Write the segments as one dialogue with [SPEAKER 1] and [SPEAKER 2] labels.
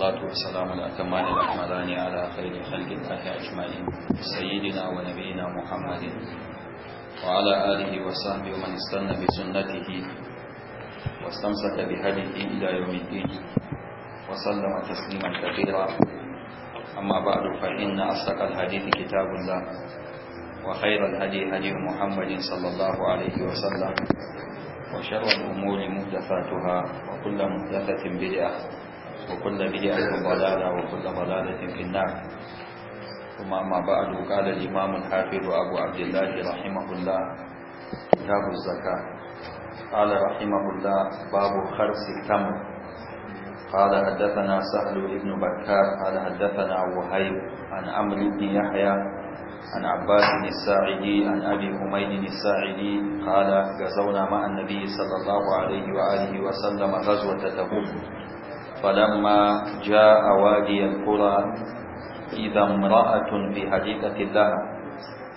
[SPEAKER 1] والصلاة والسلام الأكمان الأحمدان على خير خلق الله أجمعين سيدنا ونبينا محمد وعلى آله وصحبه ومن استنى بسنته واستمسك بهديه إلى يوم الدين وسلم تسليما كثيرا أما بعد فإن أصدق الحديث كتاب الله وخير الهدي هدي محمد صلى الله عليه وسلم وشر الأمور مهدفاتها وكل مهدفة بدعة وكل بدعة ضلالة وكل ضلالة في النار ثم أما بعد قال الإمام الحافظ أبو عبد الله رحمه الله كتاب الزكاة قال رحمه الله باب خرس التمر قال حدثنا سهل بن بكار قال حدثنا وهيب عن عمرو بن يحيى عن عباس بن الساعدي عن أبي حميد الساعدي قال غزونا مع النبي صلى الله عليه وآله وسلم غزوة تبوك فلما جاء وادي القرى إذا امرأة في حديقة لها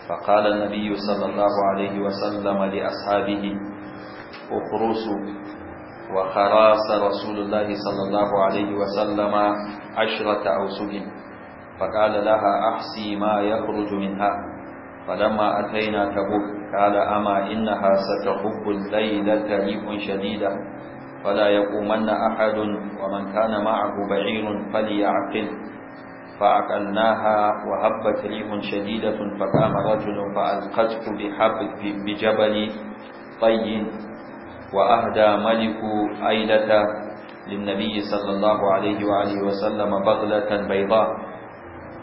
[SPEAKER 1] فقال النبي صلى الله عليه وسلم لأصحابه اخرسوا وخراس رسول الله صلى الله عليه وسلم عشرة أوسج فقال لها أحسي ما يخرج منها فلما أتينا تبوك قال أما إنها ستحب الليلة ريح شديدة فلا يقومن أحد ومن كان معه بعير فليعقل فعقلناها وهبت ريح شديدة فقام رجل فألقته بحب بجبل طي وأهدى ملك أيلة للنبي صلى الله عليه وآله وسلم بغلة بيضاء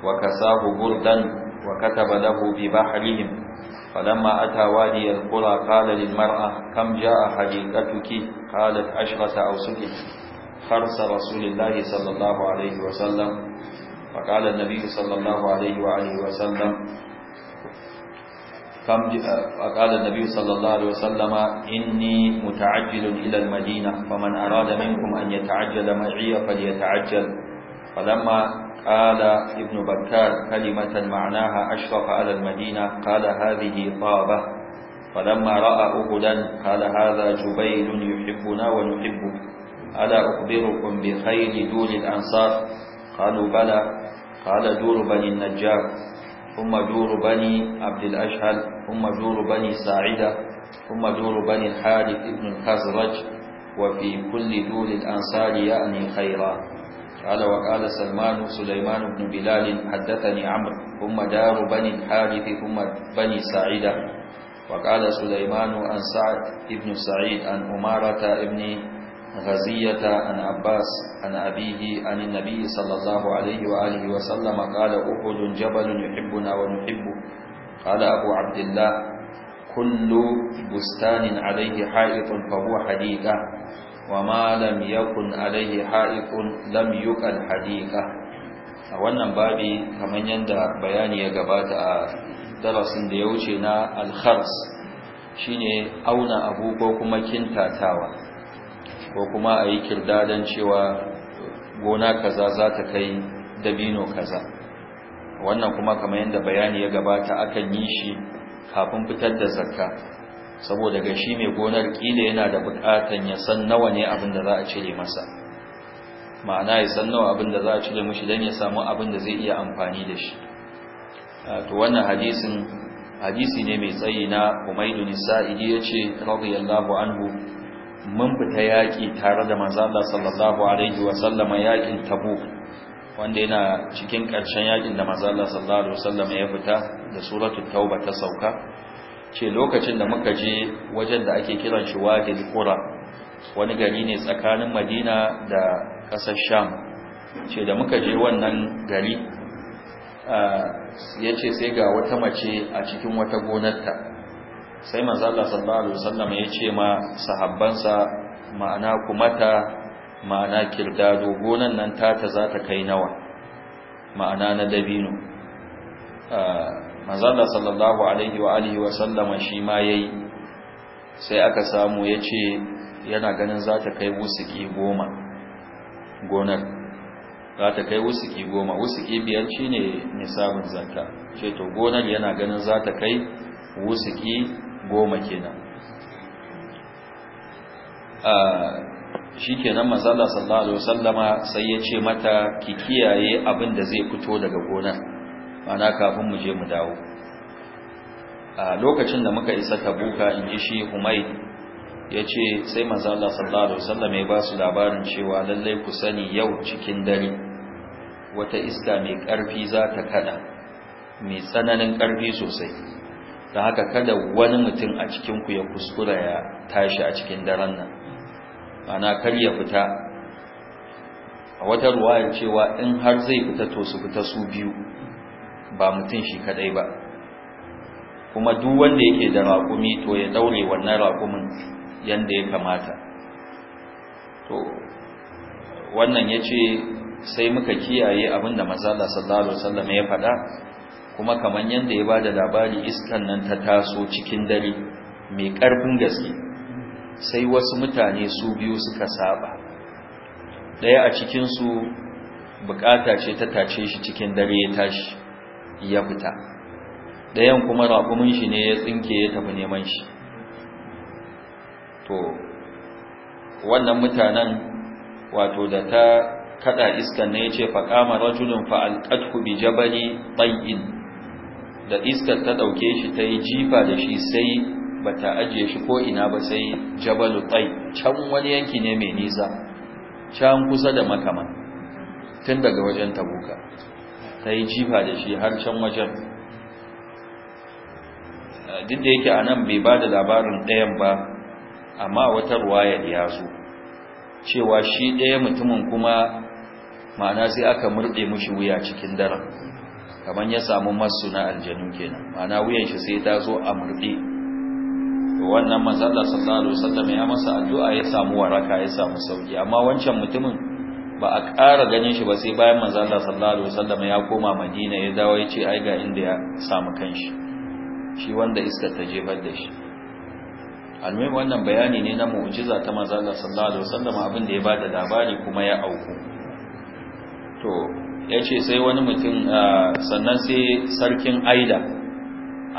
[SPEAKER 1] وكساه بردا وكتب له ببحرهم فلما أتى وادي القرى قال للمرأة كم جاء حديقتك قالت عشرة أوسك خرس رسول الله صلى الله عليه وسلم فقال النبي صلى الله عليه وآله وسلم كم فقال النبي صلى الله عليه وسلم إني متعجل إلى المدينة فمن أراد منكم أن يتعجل معي فليتعجل فلما قال ابن بكار كلمة معناها أشرف على المدينة قال هذه طابة فلما رأى أهدا قال هذا جبيل يحبنا ونحبه ألا أخبركم بخير دور الأنصار قالوا بلى قال دور بني النجار ثم دور بني عبد الأشهل ثم دور بني ساعدة ثم دور بني الحارث بن الخزرج وفي كل دور الأنصار يعني خيرا قال وقال سلمان سليمان بن بلال حدثني عمرو ثم دار بني الحارث ثم بني سعيدة وقال سليمان عن سعد بن سعيد عن أمارة بن غزية عن عباس عن أبيه عن النبي صلى الله عليه وآله وسلم قال أحد جبل يحبنا ونحبه قال أبو عبد الله كل بستان عليه حائط فهو حديقة وما lam Yakun alaihi ha'iqun Lam yuqal hadika a wannan babi kaman yadda bayani ya gabata a darasin da ya wuce na al-khars shine auna abu ko kuma kintatawa ko kuma ayi yi kirdadan cewa gona kaza za ta kai dabino kaza wannan kuma kaman yadda bayani ya gabata akan yi shi kafin fitar da zakka saboda ga shi mai gonar kila yana da buƙatan ya san nawa ne abin da za a cire masa ma'ana ya san nawa abin da za a cire mishi don ya samu abin da zai iya amfani da shi ah, to wannan hadisin hadisi ne mai tsayi na Umaydu Nisa'idi yace radiyallahu anhu mun fita yaki tare da manzo Allah sallallahu alaihi wa sallama yakin Tabuk wanda yana cikin ƙarshen yakin da manzo Allah sallallahu alaihi wa sallama ya fita da suratul Tauba ta sauka ce lokacin da muka je wajen da ake kiran shi wadil qura wani gari ne tsakanin madina da ƙasar sham ce da muka je wannan gari ya ce sai ga wata mace a cikin wata gonarta sai manzala sallallahu alaihi wasallam ya ce ma sahabbansa ma'ana kumata ma'ana kirdado gonan nan ta ta za ta kai nawa ma'ana na dabino manzala sallallahu alaihi wa alihi wa sallama shi ma yayi sai aka samu yace yana ganin za ta kai wusuki goma gonar za ta kai wusuki goma wusuki biyar shine nisabin zakka ce to gonar yana ganin za ta kai wusuki goma kenan shi kenan manzala sallallahu alaihi wa sallama sai yace mata ki kiyaye abin da zai fito daga gonar mana kafin mu je mu dawo a lokacin da muka isa tabuka in ji shi humaid ya ce sai mazala sallallahu alaihi wasallam ya ba su labarin cewa lallai ku sani yau cikin dare wata iska mai ƙarfi za ta kada mai tsananin ƙarfi sosai da haka kada wani mutum a cikinku ya kuskura ya tashi a cikin daren nan mana kar ya fita a wata ya cewa in har zai fita to su fita su biyu ba mutum shi kadai ba kuma duk wanda yake da raƙumi to ya daure wannan raƙumin yanda ya kamata to wannan yace sai muka kiyaye abinda manzo Allah sallallahu alaihi wasallam ya faɗa kuma kamar yanda ya ba da labari iskan nan ta taso cikin dare mai ƙarfin gaske sai wasu mutane su biyu suka saba ɗaya a cikinsu bukata ce ta tace shi cikin dare ya tashi ya fita ɗayan kuma raƙumin shi ne ya tsinke ya tafi neman shi to wannan mutanen wato da ta kada iskan ne yace ce faƙama rajulun fa'alƙatku bi jabali tayyin da iskar ta ɗauke shi ta yi jifa da shi sai ba ta ajiye shi ko ina ba sai jabalu tay can wani yanki ne mai nisa can kusa da makama tun daga wajen tabuka ta yi jifa da shi har can wajen duk da yake a nan bai ba da labarin ɗayan ba amma wata ruwayar ya zo cewa shi ɗaya mutumin kuma ma'ana sai aka murɗe mushi wuya cikin daren kamar ya samu masu na aljanu kenan ma'ana wuyan shi sai ta zo a murɗe wannan manzala sallallahu alaihi wasallam ya masa addu'a ya samu waraka ya samu sauki amma wancan mutumin ba a ƙara ganin shi ba sai bayan manzan Allah sallallahu alaihi wasallam ya koma Madina ya dawo ya ce ai ga inda ya samu kanshi shi wanda iska ta jefar da shi almai wannan bayani ne na mu'jiza ta manzan Allah sallallahu alaihi wasallam abin da ya bada labari kuma ya auku to yace sai wani mutum sannan sai sarkin Aida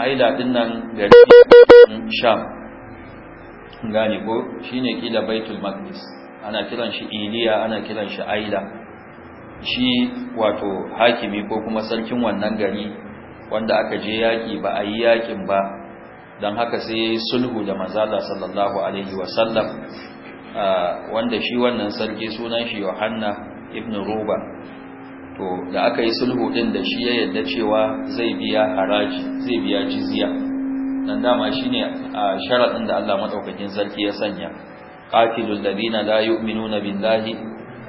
[SPEAKER 1] Aida din nan gari Sham gane ko shine kila Baitul Maqdis ana kiran shi iliya ana kiran shi aila shi wato hakimi ko kuma sarkin wannan gari wanda aka je yaki ba a yi yakin ba don haka sai ya sulhu da mazala sallallahu alaihi wasallam wanda shi wannan sarki sunan shi yohanna ibn roba to da aka yi sulhu din da shi ya yadda cewa zai biya haraji zai biya jizya nan dama shine a sharadin da Allah madaukakin sarki ya sanya قاتلوا الذين لا يؤمنون بالله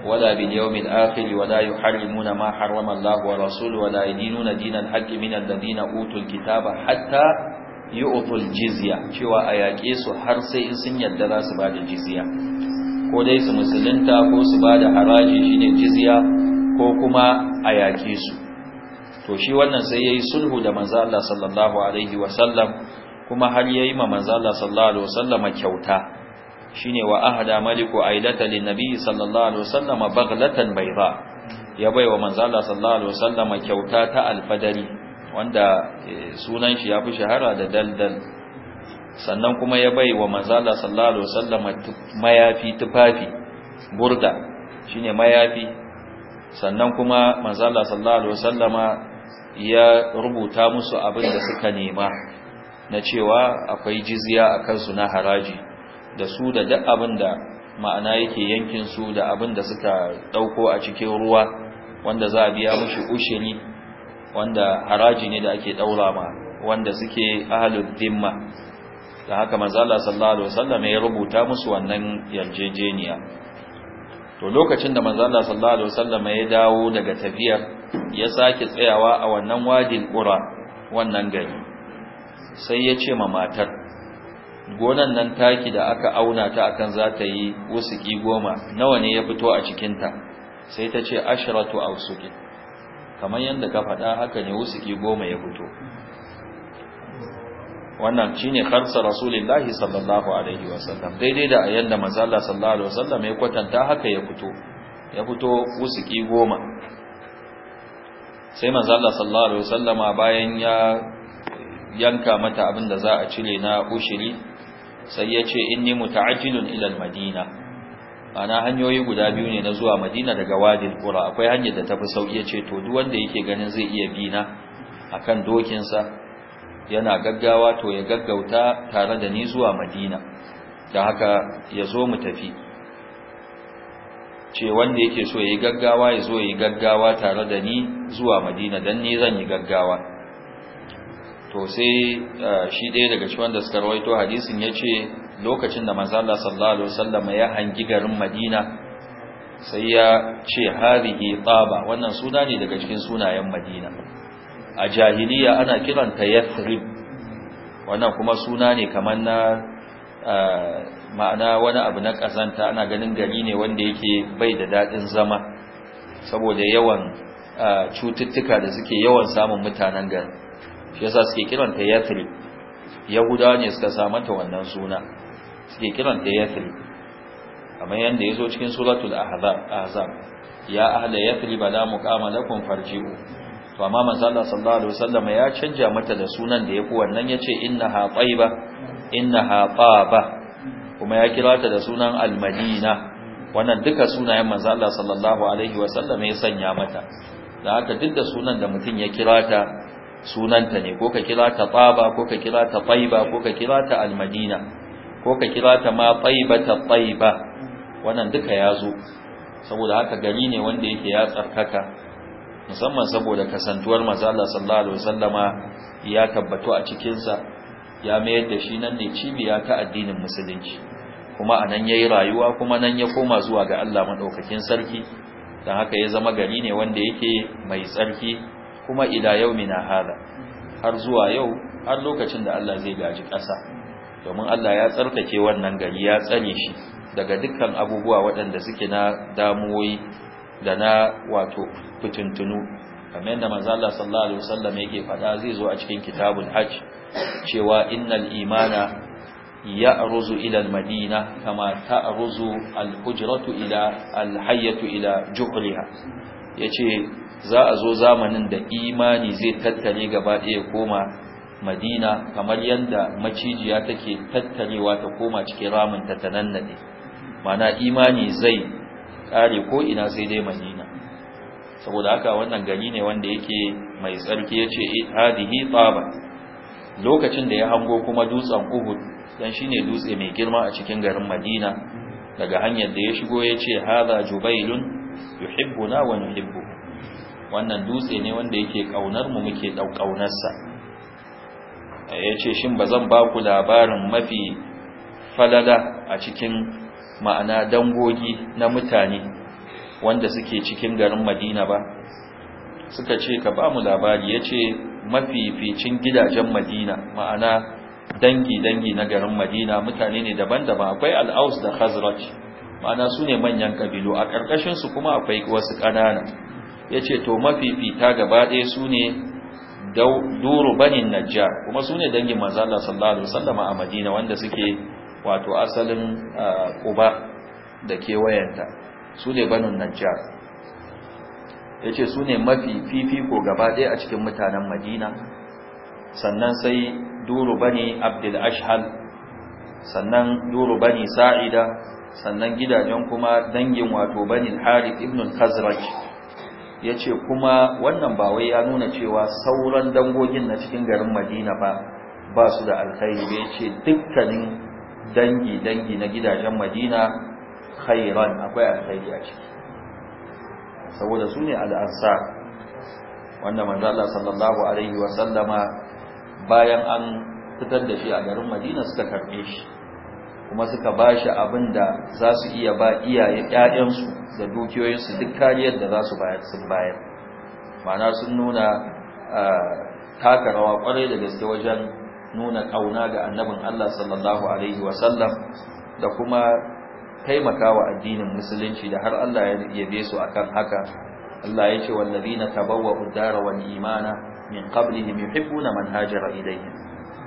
[SPEAKER 1] ولا باليوم الآخر ولا يحرمون ما حرم الله ورسوله ولا يدينون دين الحق من الذين أوتوا الكتاب حتى يؤتوا الجزية شوى أياكيس حرسي إنسان يدرس بعد الجزية ko dai su musulunta ko su ba da haraji ko kuma a yake su to shi wannan sai yayi sulhu da manzo Allah sallallahu alaihi wasallam kuma har yayi ma manzo Allah sallallahu alaihi wasallama kyauta shine wa ahada maliku aidata lin nabi sallallahu alaihi wasallama baghlatan bayda ya baiwa manzo Allah sallallahu alaihi wasallama kyauta ta alfadari wanda eh, sunan shi yafi shahara da daldal sannan kuma ya baiwa manzo Allah sallallahu alaihi wasallama mayafi tufafi burda shine mayafi sannan kuma Manzala Allah sallallahu alaihi wasallama ya rubuta musu abin da suka nema na cewa akwai jizya akan su na haraji da su da duk abin da ma'ana yake yankin su da abin da suka dauko a cikin ruwa wanda za a biya mushi ushiri wanda haraji ne da ake daura ma wanda suke ahlud dimma da haka manzo Allah sallallahu alaihi wasallam ya rubuta musu wannan yarjejeniya to lokacin da manzo Allah sallallahu alaihi wasallam ya dawo daga tafiyar ya sake tsayawa a wannan wadin qura wannan gari sai ya ce ma matar gonan nan taki da aka auna ta akan za ta yi wusuki goma nawa ne ya fito a cikinta sai ta ce ashiratu a wusuki kamar yadda ka faɗa haka ne wusuki goma ya fito wannan shi ne harsa sallallahu alaihi wasallam daidai da a yadda mazala sallallahu alaihi wasallam ya kwatanta haka ya fito ya fito wusuki goma sai mazala sallallahu alaihi wasallama bayan ya yanka mata abin da za a cire na ushiri sai ya ce ni muta'ajjilun ila al-madina ana hanyoyi guda biyu ne na zuwa madina daga wadin qura akwai hanyar da tafi sauki ya ce to duk wanda yake ganin zai iya bina akan akan dokinsa yana gaggawa to ya gaggauta tare da ni zuwa madina da haka ya zo mu tafi ce wanda yake so yayi gaggawa ya zo ya gaggawa tare da ni zuwa madina dan ni zan yi gaggawa to sai eh, shi ɗaya daga cikin wanda suka rawaito hadisin ya ce lokacin da manzo Allah sallallahu alaihi wasallam ya hangi garin Madina sai ya ce harihi taba wannan suna ne daga cikin sunayen Madina a jahiliya ana kiranta Yathrib wannan kuma suna ne kamar na eh, ma'ana wani abu na kazanta ana ganin gari ne wanda yake bai da dadin zama saboda yawan eh, cututtuka da suke yawan samun mutanen garin yasa suke kiranta yathrib yahudawa ne suka samu ta wannan suna suke kiranta yathrib kamar yanda yazo cikin suratul ahzab ahzab ya ahla yathrib la muqama lakum farji'u to amma manzo Allah sallallahu alaihi wasallam ya canja mata da sunan da yafi wannan yace innaha tayyiba innaha taba kuma ya kira ta da sunan al-madina wannan duka sunayen manzo Allah sallallahu alaihi wasallam ya sanya mata da haka duk da sunan da mutum ya kira ta sunanta ne ko ka kira ta tsaba ko ka kira ta tsaiba ko ka kira ta almadina ko ka kira ta ma tsaiba ta tsaiba wannan duka ya zo saboda haka gari ne wanda yake ya tsarkaka musamman saboda kasantuwar manzo Allah sallallahu alaihi wasallama ya tabbatu a cikinsa, ya mayar da shi nan ne cibiya ta addinin musulunci kuma a anan yayi rayuwa kuma nan ya koma zuwa ga Allah madaukakin sarki dan haka ya zama gari ne wanda yake mai tsarki kuma ila yaumina hada har zuwa yau har lokacin da Allah zai gaji ƙasa domin Allah ya tsarkake wannan gari ya tsane shi daga dukkan abubuwa waɗanda suke na damuwoyi da na wato fitintunu kamar yadda manzo Allah sallallahu alaihi wasallam yake faɗa zai zo a cikin kitabul hajj cewa innal imana ya'ruzu ila al-madina kama ta al alhujratu ila al-hayyatu ila juhriha yace za a zo zamanin da imani zai tattare gaba ɗaya koma madina kamar yadda macijiya take tattarewa ta koma cikin ramin ta tanannade mana imani zai kare ko ina sai dai madina saboda haka wannan gari ne wanda yake mai tsarki ya yace eh, hadihi tsaba. lokacin da ya hango kuma dutsen Uhud dan shine dutse mai girma a cikin garin Madina daga hanyar da ya shigo ya yace hadha jubailun yuhibbuna wa nuhibbuhu wannan dutse ne wanda yake kaunar mu muke daukaunarsa yace shin bazan ba ku labarin mafi falala a cikin ma'ana dangogi na mutane wanda suke cikin garin Madina ba suka ce ka ba mu labari yace mafificin gidajen Madina ma'ana dangi dangi na garin Madina mutane ne daban-daban akwai al aws da Khazraj ma'ana su ne manyan kabilu a ƙarƙashinsu kuma akwai wasu ƙanana ya ce to mafifita gaba ɗaya su ne duru banin najjar kuma su ne dangin manzala sallallahu sallama a madina wanda suke wato asalin kuba da kewayenta su ne banin najjar ya ce su ne mafi fifiko gaba ɗaya a cikin mutanen madina sannan sai duru bani abdul ashhal sannan duru bani sa'ida sannan gidajen kuma dangin wato bani harith ibn khazraj ya ce kuma wannan ba wai ya nuna cewa sauran dangogin na cikin garin madina ba ba su da alkhairi ya ce dukkanin dangi-dangi na gidajen madina khairan akwai alkhairi a ciki saboda su ne al'ansa wanda manzala sallallahu alaihi wasallama bayan an fitar da shi a garin madina suka karbe shi kuma suka ba shi abin da za su iya ba iyaye ƴaƴansu da dukiyoyinsu duk kariyar da za su bayar sun bayar ma'ana sun nuna taka rawa kwarai da gaske wajen nuna ƙauna ga annabin Allah sallallahu alaihi wasallam da kuma taimakawa addinin musulunci da har Allah ya yabe su akan haka Allah ya ce wallazina tabawwa'u dara wal imana min qablihim yuhibbuna man hajara ilayhim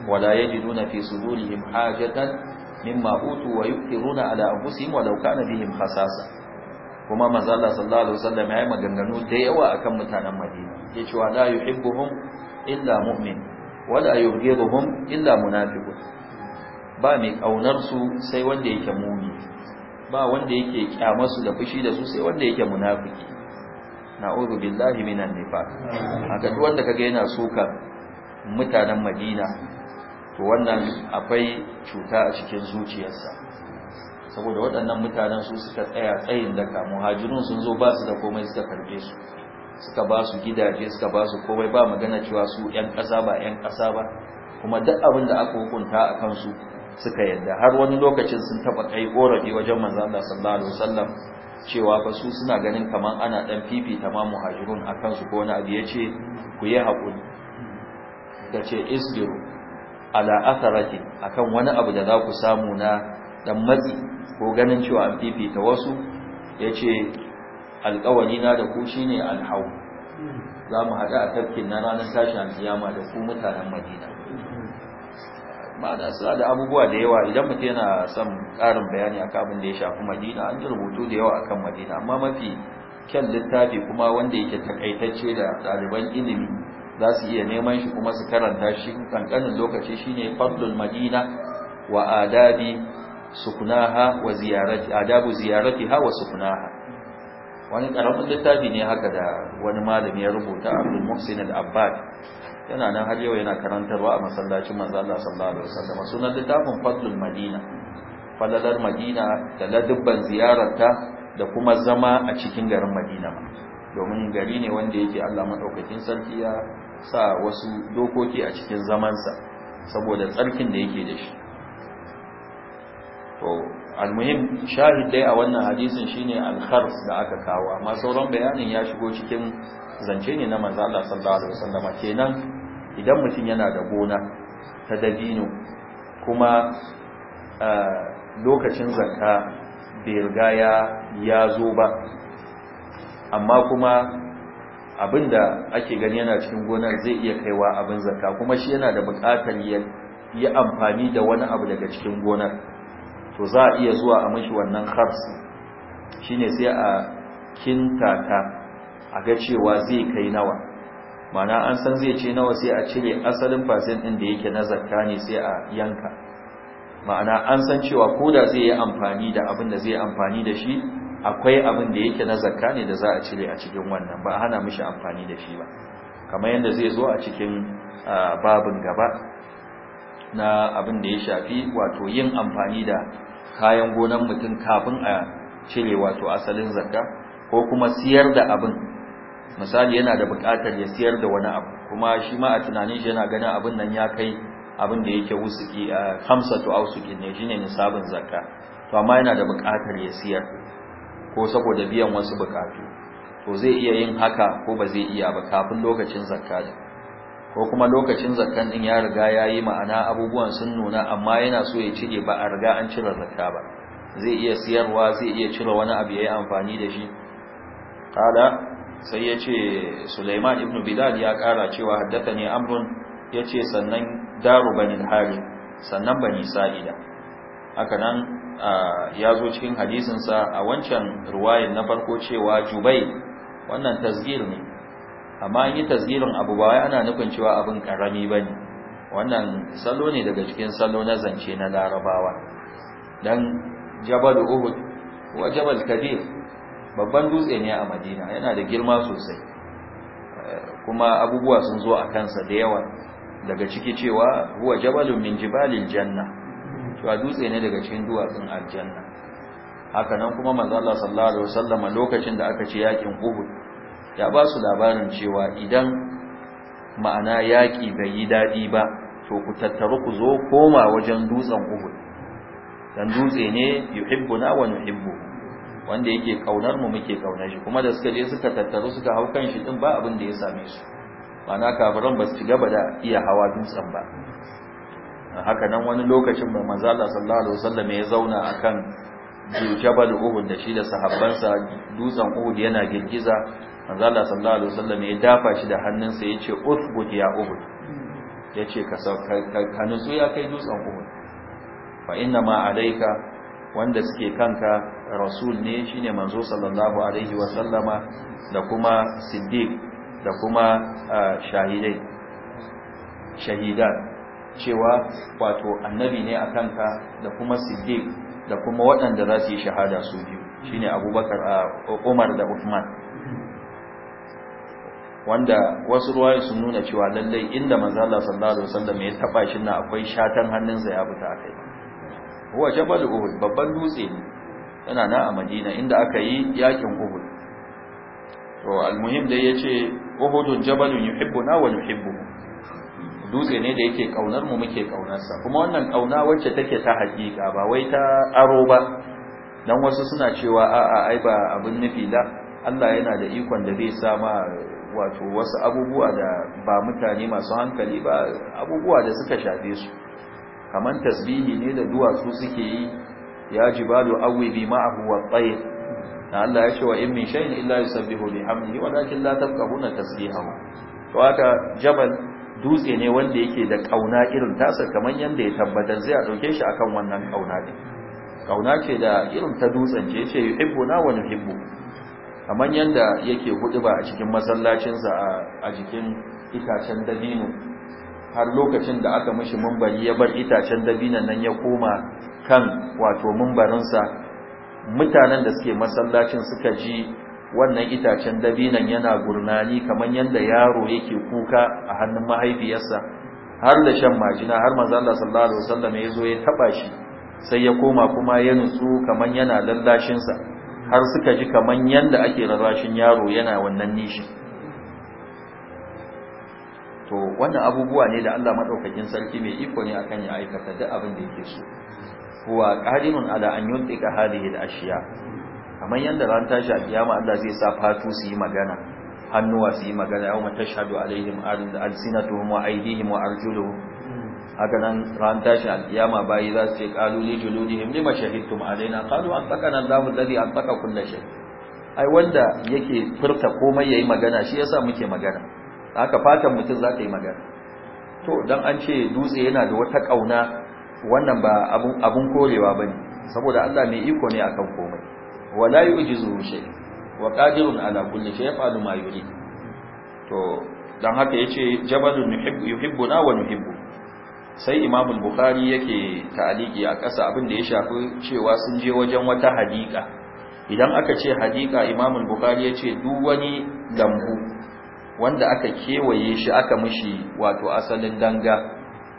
[SPEAKER 1] wala yajiduna fi sudurihim hajatan mimma utu wa yuktiruna ala anfusihim wa law kana bihim khasasa kuma manzo Allah sallallahu alaihi wasallam yayi maganganu da yawa akan mutanen Madina yace wa la yuhibbuhum illa mu'min wa la yubghiduhum illa munafiq ba mai kaunar su sai wanda yake mu'min ba wanda yake kyamar su da fushi da su sai wanda yake munafiki na'udhu billahi minan nifaq haka duk wanda kage yana suka mutanen Madina to wannan akwai cuta a cikin zuciyarsa saboda waɗannan mutanen su suka tsaya tsayin daka muhajirun sun zo ba su da komai suka karfe su suka ba su gidaje suka ba su komai ba magana cewa su 'yan ƙasa ba 'yan ƙasa ba kuma duk abin da aka hukunta a kansu suka yadda har wani lokacin sun taɓa kai ƙorafi wajen manzan sallallahu alaihi cewa fa su suna ganin kamar ana ɗan fifita ma muhajirun a kansu ko wani abu ya ce ku yi haƙuri ta ce isbiru ala atharati akan wani abu da za ku samu na dan matsi ko ganin cewa an fifita wasu yace alƙawari na da ku shine alhau za mu haɗu a tafkin na ranar tashi an alkiyama da ku mutanen madina ma'ana su da abubuwa da yawa idan mutum yana son ƙarin bayani akan abin da ya shafi madina an yi rubutu da yawa akan madina amma mafi kyan littafi kuma wanda yake takaitacce da ɗaliban ilimi za su iya neman shi kuma su karanta shi kankanin lokaci shi ne fadlul madina wa adabi sukunaha wa ziyarati adabu Ziyarati wa sukunaha wani karamin littafi ne haka da wani malami ya rubuta Abdul Muhsin al-Abbad yana nan har yau yana karantarwa a masallacin manzo Allah sallallahu alaihi wasallam sunan littafin fadlul madina falalar madina da ladubban ziyararta da kuma zama a cikin garin madina domin gari ne wanda yake Allah madaukakin sarki sa wasu dokoki a cikin zamansa saboda tsarkin da yake da shi to almuhim shahid dai a wannan hadisin shine al-kharf da aka kawo amma sauran bayanin ya shigo cikin zance ne na manzo Allah sallallahu alaihi wasallama kenan idan mutum yana da gona ta dabino kuma lokacin zakka bai riga ya zo ba amma kuma abinda ake gani yana cikin gonar zai iya kaiwa abin zakka kuma shi yana da bukatar yi amfani da wani abu daga cikin gonar to za a iya zuwa a mashi wannan khars shine sai a kintata a ga cewa zai kai nawa mana an san zai ce nawa sai a cire asalin fasin ɗin da yake na zakka ne sai a yanka ma'ana an san cewa da zai yi amfani da abin da zai amfani da shi akwai abin da yake na zakka ne da za a cire a cikin wannan ba hana mishi amfani da shi ba kamar yadda zai zo a cikin babin gaba na abin da ya shafi wato yin amfani da kayan gonan mutum kafin a cire wato asalin zakka ko kuma siyar da abin misali yana da buƙatar ya siyar da wani abu kuma shi ma a tunanin shi yana ganin abin nan ya kai abin da yake wusuki a hamsatu ausuki ne shine nisabin zakka to amma yana da buƙatar ya siyar ko saboda biyan wasu bukatu to zai iya yin haka ko ba zai iya ba kafin lokacin zakka ko kuma lokacin zakkan din ya riga yayi ma'ana abubuwan sun nuna amma yana so ya cire ba a riga an cire zakka ba zai iya siyarwa zai iya cire wani abu yayi amfani da shi Kada sai ya ce Sulaiman ibn Bilal ya kara cewa haddathani amrun yace ce sannan daru banin hari sannan bani sa'ida haka nan ya zo cikin hadisinsa a wancan ruwayin na farko cewa jubai wannan tasgir ne amma yi tasgirin abu ba ana nufin cewa abin karami ba ne wannan salo ne daga cikin salo na zance na larabawa Dan jabal uhud wa jabal kabir babban dutse ne a madina yana da girma sosai kuma abubuwa sun zo a kansa da yawa daga ciki cewa huwa jabalun min jibalil janna To a dutse ne daga cikin duwatsun aljanna haka nan kuma manzo Allah sallallahu alaihi wasallam lokacin da aka ce yakin Uhud ya ba su labarin cewa idan ma'ana yaki bai yi dadi ba to ku tattaru ku zo koma wajen dutsen Uhud dan dutse ne yuhibbuna wa nuhibbu wanda yake kaunar mu muke kaunar shi kuma da suka je suka tattaru suka hau kan shi din ba abin da ya same su ma'ana kafiran ba su ci gaba da iya hawa dutsen ba haka nan wani lokacin mai manzo sallallahu alaihi wasallam ya zauna akan Jabal Uhud da shi da sahabbansa dutsen Uhud yana girgiza manzo sallallahu alaihi wasallam ya dafa shi da hannunsa yace uthbut ya Uhud yace ka ka nutsu ya kai dutsen Uhud fa inna ma alayka wanda suke kanka rasul ne shine manzo sallallahu alaihi wasallama da kuma siddiq da kuma ah, shahidai shahidan cewa wato annabi ne a kanka da kuma siddiq da kuma waɗanda za su yi shahada su biyu shine abubakar a umar da uthman wanda wasu ruwa sun nuna cewa lallai inda manzo sallallahu alaihi wasallam ya taba shi na akwai shatan hannunsa ya fita akai huwa jabal uhud babban dutse ne yana na a Madina inda aka yi yakin uhud to almuhim dai ya yace uhudun jabalun yuhibbuna wa nuhibbuhu dutse ne da yake kaunar mu muke kaunarsa kuma wannan kauna wacce take ta hakika ba wai ta aro ba dan wasu suna cewa a'a ai ba abin nufi da Allah yana da ikon da zai sama wato wasu abubuwa da ba mutane masu hankali ba abubuwa da suka shafe su Kamar tasbihi ne da duwatsu suke yi ya jibalu bi ma'ahu wa tayr Allah ya ce wa in min shay'in illa yusabbihu bihamdihi walakin la tafqahuna tasbihahu to haka jabal dutse ne wanda yake da kauna irin tasa kamar yanda ya tabbatar zai a dauke shi akan wannan kauna din kauna ce da irin ta dutsen ce yace na wani hibbo. kamar yanda yake ba a cikin masallacinsa sa a jikin itacen dabino har lokacin da aka mishi mumbari ya bar itacen dabino nan ya koma kan wato mumbarin mutanen da suke masallacin suka ji wannan itacen dabinan yana gurnani kamar yanda yaro yake kuka a hannun mahaifiyarsa har da shan majina har manzo Allah sallallahu alaihi wasallam ya zo ya taba shi sai ya koma kuma ya nutsu kamar yana lallashin sa har suka ji kamar yanda ake rarrashin yaro yana wannan nishi to wannan abubuwa ne da Allah madaukakin sarki mai iko ne akan ya aikata duk abin da yake so huwa qadirun ala an yuntika hadhihi al-ashiya kamar yadda ran tashi a kiyama Allah zai sa fatu su yi magana hannuwa su yi magana yawma tashhadu alaihim alsinatuhum wa aydihim wa arjuluhum haka nan ran tashi a kiyama bayi za su ce qalu li juludihim lima shahidtum alaina qalu antakana Allahu an antaka kull shay ai wanda yake furta komai yayi magana shi yasa muke magana haka fatan mutum za ta yi magana to dan an ce dutse yana da wata kauna wannan ba abun abun korewa bane saboda Allah mai iko ne akan komai wala yujizu shay wa qadirun ala kulli shay yafalu ma yurid to dan haka yace jabalun yuhibbu yuhibbuna wa nuhibbu sai imam bukhari yake ta'aliki a ƙasa abin da ya shafi cewa sun je wajen wata hadika idan aka ce hadika imam bukhari yace duk wani lambu wanda aka kewaye shi aka mishi wato asalin danga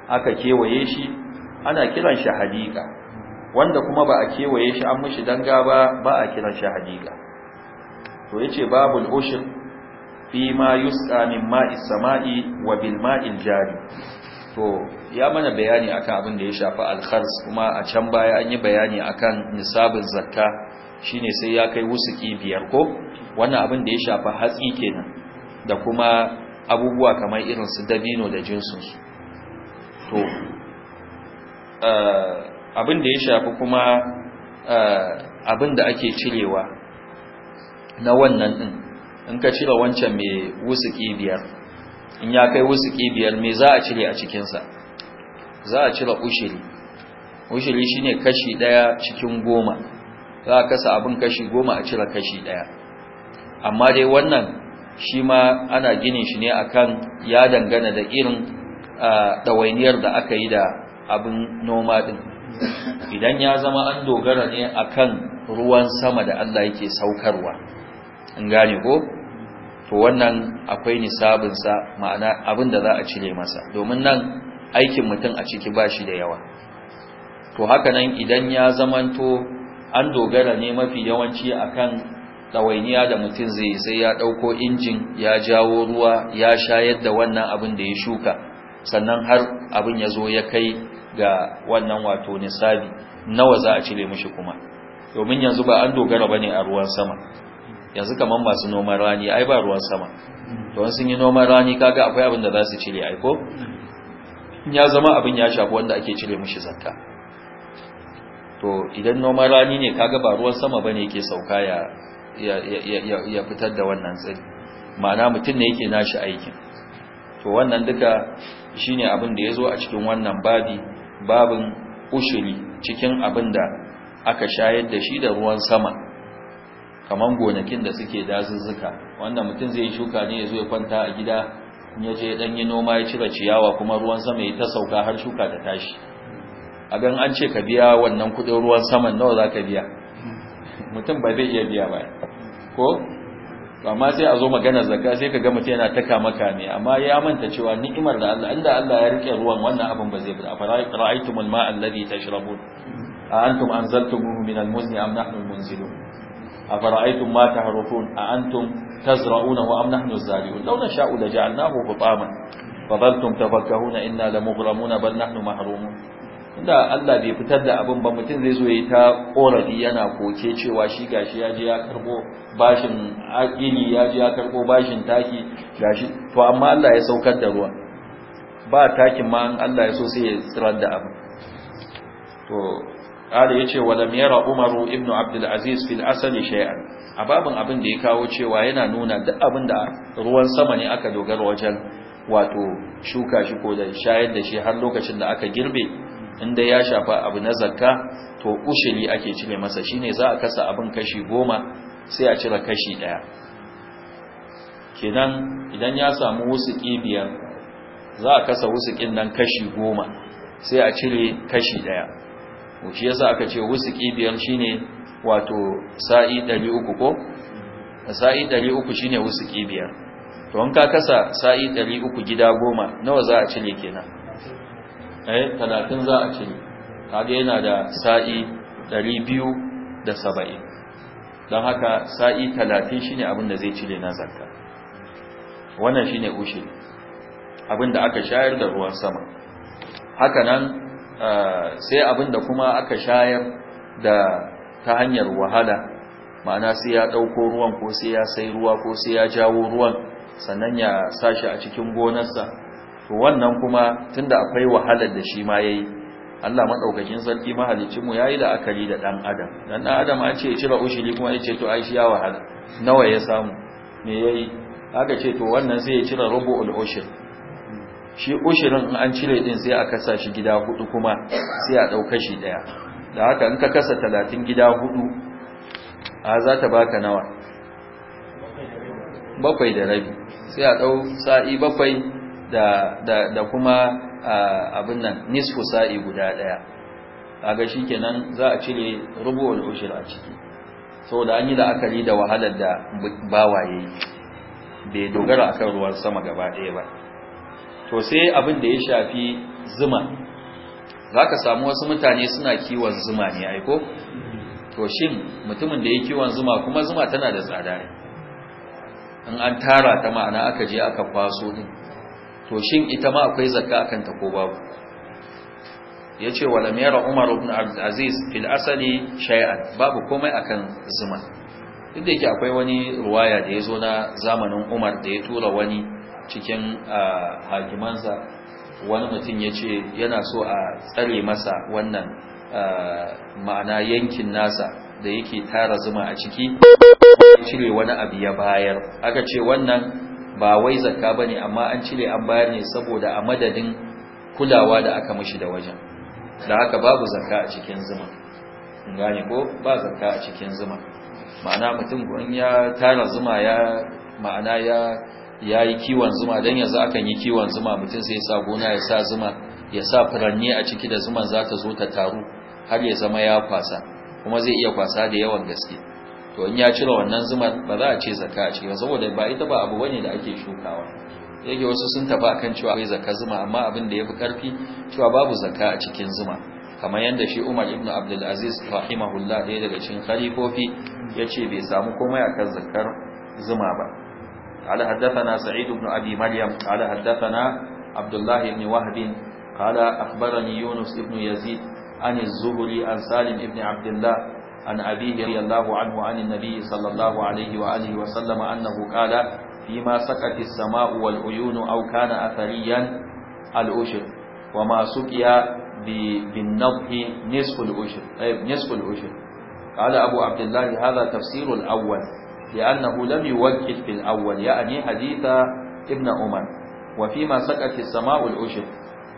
[SPEAKER 1] aka kewaye shi ana kiran shi hadika wanda kuma ba a kewaye shi an mishi danga ba ba a kiran shi hadika to yace babul ushur fi ma yusqa min ma'is sama'i wa bil ma'il jari to ya mana bayani akan abin da ya shafa al-khars kuma a can baya an yi bayani akan nisabin zakka shine sai ya kai wusuki biyar ko wannan abin da ya shafi hatsi kenan da kuma abubuwa kamar irin su dabino da jinsinsu to eh, abin da ya shafi kuma eh, abin da ake cirewa na wannan din in ka cire wancan mai wusuki biyar in ya kai wusuki biyar mai za a cire a cikinsa za a cire ushiri ushiri shi ne kashi daya cikin goma za a kasa abin kashi goma a cire kashi daya amma dai wannan shi ma ana ginin shi ne akan ya dangana da irin dawainiyar eh, da aka yi da abin noma ɗin idan ya zama an dogara ne akan ruwan sama da Allah yake saukarwa in gane ko to wannan akwai nisabin sa ma'ana abin da za a cire masa domin nan aikin mutum a ciki bashi da yawa to haka nan idan ya zamanto an dogara ne mafi yawanci akan tsawainiya da mutum zai sai ya ɗauko injin ya jawo ruwa ya shayar da wannan abin da ya shuka sannan har abin ya zo ya kai ga wannan wato nisabi nawa za a cire mishi kuma domin yanzu ba an dogara bane a ruwan sama yanzu kaman masu noman rani ai ba ruwan sama don sun yi noman rani kaga akwai abin da za su cire ai ko ya zama abin ya shafi wanda ake cire mishi zakka to idan noman rani ne kaga ba ruwan sama bane yake sauka ya ya fitar da wannan tsiri ma'ana mutum ne yake nashi aikin to wannan duka shine abin da yazo a cikin wannan babi babin ushiri cikin abin da aka shayar da shi da ruwan sama kamar gonakin da suke dazuzzuka wanda mutum zai shuka ne ya zo ya kwanta a gida ya je dan yi noma ya cire ciyawa kuma ruwan sama ya ta sauka har shuka ta tashi a gan an ce ka biya wannan kudin ruwan saman nawa za ka biya mutum ba zai iya biya ba ko to amma sai a zo magana zakka sai ka ga mutum yana ta kama ne. amma ya manta cewa ni'imar da Allah inda Allah ya rike ruwan wannan abin ba zai bi afa ra'aytumul ma'a alladhi tashrabun a antum anzaltumuhu min al-muzni am nahnu al-munzilun afa ra'aytum ma tahrufun a antum tazra'unahu am nahnu az-zari'un law nasha'u laja'alnahu hutaman fadhaltum tafakkahuna inna lamughramuna bal nahnu mahrumun inda Allah bai fitar da abin ba mutum zai zo yi ta korafi yana koke cewa shi gashi ya je ya karbo bashin akili ya je ya karbo bashin taki gashi to amma Allah ya saukar da ruwa ba takin ma Allah ya so sai ya tsirar da abin to Ali ce walam yara Umar Ibnu Abdul Aziz fil asali shay'an ababin abin da ya kawo cewa yana nuna duk abin da ruwan sama ne aka dogara wajen wato shuka shi ko da shayar da shi har lokacin da aka girbe inda ya shafa abu na zakka to ushiri ake cire masa shine za a kasa abin kashi goma sai a cire kashi ɗaya kenan idan ya samu wusuki biyar za a kasa wusukin nan kashi goma sai a cire kashi ɗaya wuce yasa aka ce wusuki biyar shine wato sa'i 300 ko sa'i 300 shine wusuki biyar to in ka kasa sa'i 300 gida goma nawa za a cire kenan eh talatin za a cire kaga yana da sa'i 270 biyu da saba'in don haka sa'i talatin shine abin da zai cire na zakka wannan shine ne abin da aka shayar da ruwan sama haka nan eh, sai abinda kuma aka shayar da ta hanyar wahala ma'ana sai ya ɗauko ruwan ko sai ya sai ruwa ko sai ya jawo ruwan sannan ya sashi a cikin gonarsa to wannan kuma tunda akwai wahalar da shi ma yayi Allah madaukakin sarki mahalicin mu yayi da akali da dan adam dan adam an ce ba ushiri kuma yace to ai shi ya wahala nawa ya samu me yayi aka ce to wannan sai ya cira rubu'ul ushir shi ushirin in an cire din sai a sa shi gida hudu kuma sai a dauka shi daya da haka in ka kasa 30 gida hudu a za ta baka nawa bakwai da rabi sai a dau sa'i bakwai da, kuma abin nan nisfu sa'i guda ɗaya a ga shi kenan za a cire rubuwar ushir a ciki saboda an yi la'akari da wahalar da bawaye bai dogara a kan ruwan sama gaba ɗaya ba to sai abin da ya shafi zuma za ka samu wasu mutane suna kiwon zuma ne aiko to shin mutumin da ya kiwon zuma kuma zuma tana da tsada ne in an tara ta ma'ana aka je aka kwaso din to shin ita ma akwai zakka akan ta ko babu yace wala yara umar ibn aziz fil asali shay'an babu komai akan zuma Inda yake akwai wani ruwaya da yazo na zamanin umar da ya tura wani cikin hakimansa wani mutum yace yana so a tsare masa wannan ma'ana yankin nasa da yake tara zuma a ciki ya cire wani abu ya bayar aka ce wannan ba wai zakka bane amma an cire an bayar ne saboda a madadin kulawa da aka mishi da wajen da haka babu zakka a cikin zuma gane ko ba zakka a cikin zuma ma'ana mutum gon ya tara zuma ya ma'ana ya yayi kiwon zuma dan yanzu akan yi kiwon zuma mutum sai ya sa gona ya sa zuma ya sa furanni a ciki da zuman za ta zo ta taru har ya zama ya kwasa kuma zai iya kwasa da yawan gaske to in ya cire wannan zuman ba za a ce zaka a cikin saboda ba ita ba abu bane da ake shukawa yake wasu sun tafi akan cewa akwai zaka zuma amma abin da yafi karfi cewa babu zaka a cikin zuma kamar yadda shi Umar ibn Abdul Aziz rahimahullah ɗaya daga cikin khalifofi yace bai samu komai akan zakar zuma ba قال حدثنا سعيد بن أبي مريم قال حدثنا عبد الله بن وهب قال أخبرني يونس بن يزيد عن الزهري عن سالم بن عبد الله عن أبيه رضي الله عنه عن النبي صلى الله عليه وآله وسلم أنه قال فيما سكت السماء والعيون أو كان أثريا الأشر وما سكي بالنضح نصف الأشر نصف الأشر قال أبو عبد الله هذا تفسير الأول لأنه لم يوقف في الأول يعني حديث ابن عمر وفيما سكت السماء الأشر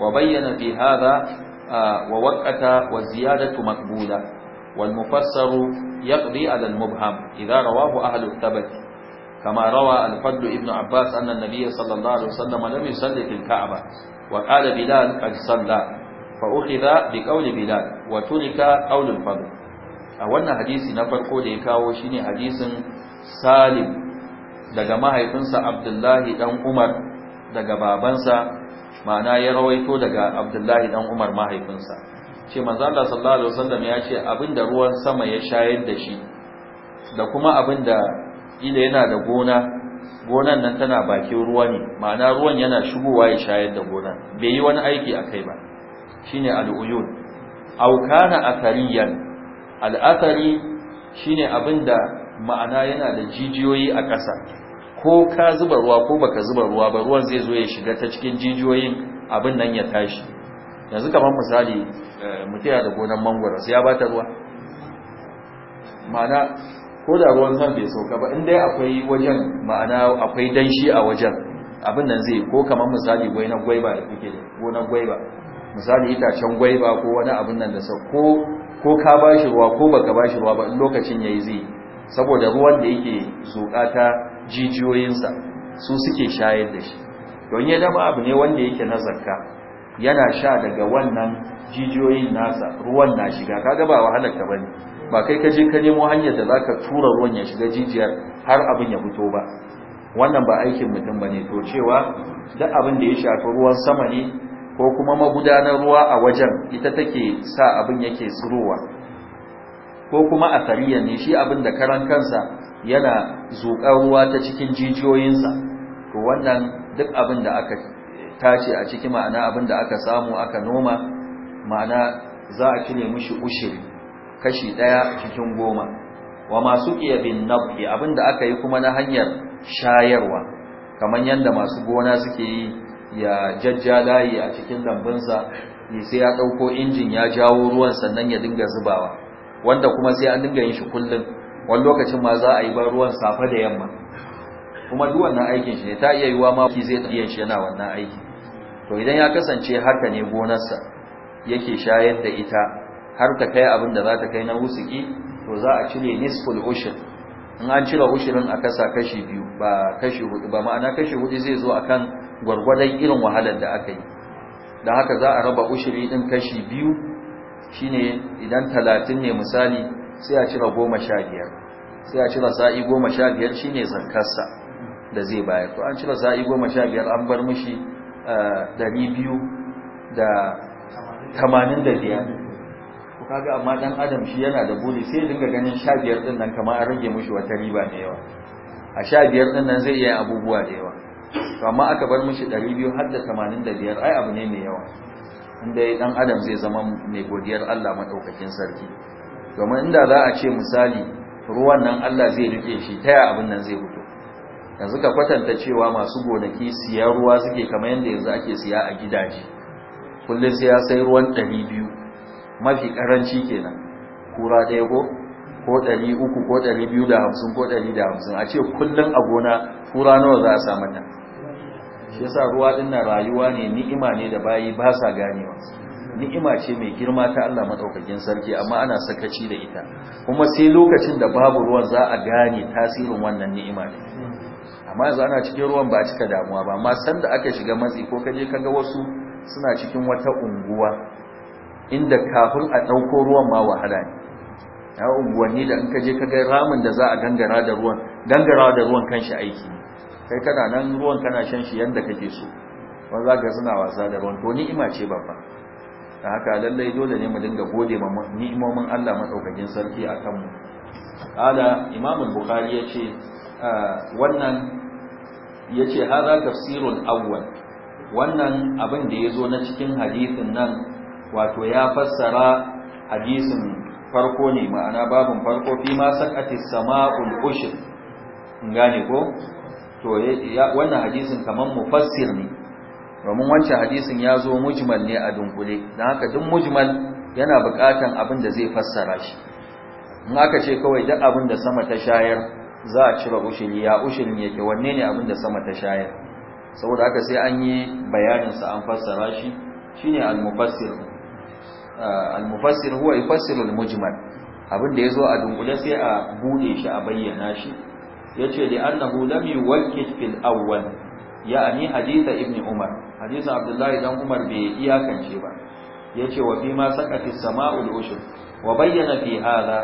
[SPEAKER 1] وبين في هذا آه، ووقت والزيادة مقبولة والمفسر يقضي على المبهم إذا رواه أهل الثبت كما روى الفضل ابن عباس أن النبي صلى الله عليه وسلم لم يصلي في الكعبة وقال بلال قد صلى فأخذ بقول بلال وترك قول الفضل أولنا حديث نفر قول إكاو شيني حديث سالم daga mahaifinsa Abdullahi dan Umar daga babansa ma'ana ya rawaito daga Abdullahi dan Umar mahaifinsa ce manzo Allah sallallahu alaihi wasallam ya ce abinda ruwan sama ya shayar da shi da kuma abinda ila yana da gona gonan nan tana bakin ruwa ne ma'ana ruwan yana shigowa ya shayar da gona bai yi wani aiki akai ba shine al-uyun aw kana athariyan al-athari shine abinda ma'ana yana da jijiyoyi a ƙasa ko ka zuba ruwa ko baka zuba ruwa ba ruwan zai zo ya shiga ta cikin jijiyoyin abin nan ya tashi yanzu kamar misali eh, mutum da gonan mangoro, sai ya bata ruwa ma'ana ko da ruwan zan bai sauka ba in dai akwai wajen ma'ana akwai danshi a wajen abin nan zai ko kamar misali gwai gwaiba da kuke da, gwai gwaiba misali itacen gwaiba ko wani abin nan da sau ko ko ka ba shi ruwa ko baka ba shi ruwa ba in lokacin yayi zai saboda ruwan da yake zuƙa ta jijiyoyinsa su suke shayar da shi don ya dama abu ne wanda yake na zakka yana sha daga wannan jijiyoyin nasa ruwan na shiga kaga ba wahalar ta bane ba kai ka je ka nemo hanyar da zaka tura ruwan ya shiga jijiyar har abin ya fito ba wannan ba aikin mutum bane to cewa duk abin da ya shafi ruwan sama ne ko kuma magudanar ruwa a wajen ita take sa abin yake tsirowa ko kuma a sariya ne shi abin da karan kansa yana zuƙar ruwa ta cikin jijiyoyinsa to wannan duk abin da aka tace a ciki ma'ana abin da aka samu aka noma ma'ana za a cire mishi ushiri kashi ɗaya cikin goma wa masu iya bin nabi abin da aka yi kuma na hanyar shayarwa kamar yadda masu gona suke yi ya jajja layi a cikin lambunsa sai ya ɗauko injin ya jawo ruwan sannan ya dinga zubawa wanda kuma sai an dinga yin shi kullum wani lokacin ma za a yi ban ruwan safe da yamma kuma duk wannan aikin shi ne ta iya yiwuwa ma zai iya shi yana wannan aiki to idan ya kasance haka ne gonarsa yake shayar da ita har ta kai abin da za ta kai na wusiki to za a cire nisful ushir in an cire ushirin a kasa kashi biyu ba kashi hudu ba ma'ana kashi hudu zai zo akan gwargwadon irin wahalar da aka yi da haka za a raba ushiri din kashi biyu shine idan talatin ne misali sai a cire goma sha biyar sai a cire sa'i goma sha biyar shine zankarsa da zai bayar to an cire sa'i goma sha biyar an bar mishi kaga amma dan adam shi yana da buri sai dinga ganin 15 din nan kamar an rage mishi wata riba mai yawa a 15 din nan zai iya abubuwa da yawa to amma aka bar mishi 200 har da 85 ai abu ne mai yawa inda dan adam zai zama mai godiyar Allah madaukakin sarki domin inda za a ce misali ruwan nan Allah zai rike shi taya abin nan zai yanzu ka kwatanta cewa masu gonaki siyan ruwa suke kamar yadda yanzu ake siya a gidaje kullum siya sai ruwan 200 mafi karanci kenan kura ɗaya ko ko 300 ko 250 ko 150 a ce kullum a gona kura nawa za a sa mata shi yasa ruwa din na rayuwa ne ni'ima ne da bayi ba sa ganewa ni'ima ce mai girma ta Allah madaukakin sarki amma ana sakaci da ita kuma sai lokacin da babu ruwan za a gane tasirin wannan ni'ima ne amma yanzu ana cikin ruwan ba cika damuwa ba amma sanda aka shiga matsi ko kaje kaga wasu suna cikin wata unguwa inda kafin a ɗauko ruwan ma wahala ne ya unguwanni da in kaje kaga ramin da za a gangara da ruwan gangara da ruwan kanshi aiki kai kana nan ruwan kana shan shi yanda kake so wani za ka suna wasa da ruwan to ni'ima ce babba da haka lallai dole ne mu dinga gode ma ni'imomin Allah madaukakin sarki akan mu ala imamul bukhari yace wannan ya ce haza tafsirul awwal wannan abin da ya zo na cikin hadisin nan wato ya fassara hadisin farko ne ma'ana babin farko fi ma sakati sama'ul ushr ngane ko to wannan hadisin kaman mufassir ne domin wancan hadisin ya zo mujmal ne a dunkule don haka duk mujmal yana buƙatan abin da zai fassara shi in aka ce kawai duk abin da sama ta shayar za a cire ushiri ya ushirin yake wanne ne abin da sama ta shayar saboda haka sai an yi bayanin sa an fassara shi shine al-mufassir ah, al-mufassir huwa yufassiru al-mujmal abin da yazo a dunkule sai a bude shi a bayyana shi yace da annahu lam yuwakkit fil awwal ya'ni hadith ibn umar hadith abdullah dan umar bai iyakance ba yace wa fi ma saqati as-sama'u al-ushr wa bayyana fi hadha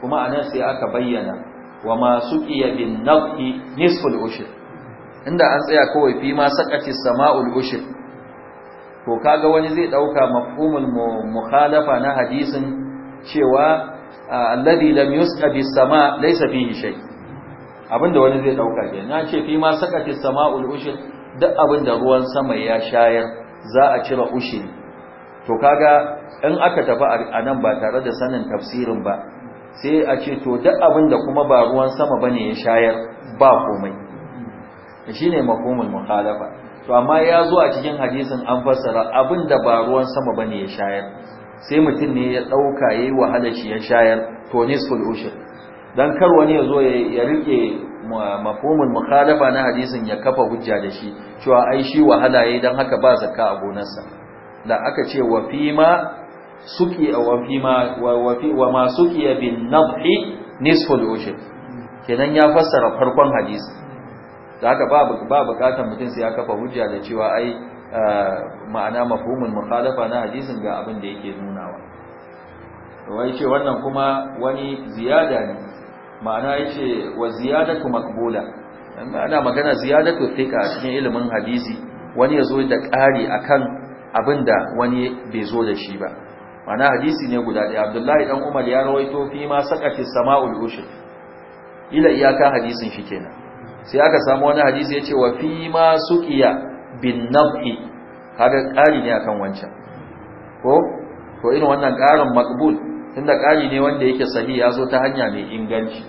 [SPEAKER 1] kuma anan sai aka bayyana wa masu iya bin nafi nisful ushir inda an tsaya kawai fi ma sakati sama'ul ushir to kaga wani zai dauka mafhumul mukhalafa na hadisin cewa alladhi lam yusqa bis sama' laysa fihi shay abinda wani zai dauka ke, na ce fi ma sakati sama'ul ushir duk abinda ruwan sama ya shayar za a cire ushiri to kaga in aka tafi a nan ba tare da sanin tafsirin ba sai a ce to duk abin da kuma ba ruwan sama bane ya shayar ba komai shine makomul mukhalafa to amma ya zo a cikin hadisin an fassara abin da ba ruwan sama bane ya shayar sai mutum ne ya dauka yayi wahala shi ya shayar to nisful ushur dan kar wani ya zo ya rike makomul mukhalafa na hadisin ya kafa hujja da shi cewa ai shi wahala yayi dan haka ba zakka a gonarsa da aka ce wa fima suki wa fi ma wa fi wa ma suki bin nadhi al ushur kenan ya fassara farkon hadisi da haka ba ba mutum sai ya kafa hujja da cewa ai ma'ana mafhumul mukhalafa na hadisin ga abin da yake nunawa to wai ce wannan kuma wani ziyada ne ma'ana yace wa ziyadatu maqbula ana magana ziyadatu fiqa cikin ilimin hadisi wani yazo da ƙari akan abinda wani bai zo da shi ba mana hadisi ne guda ɗaya abdullahi dan umar ya rawaito fi ma sakati sama'ul ushur ila iyaka hadisin shi kenan sai aka samu wani hadisi yace wa fi ma suqiya bin nab'i kaga ƙari ne akan wancan ko ko irin wannan ƙarin maqbul tunda ƙari ne wanda yake sahihi ya zo ta hanya mai inganci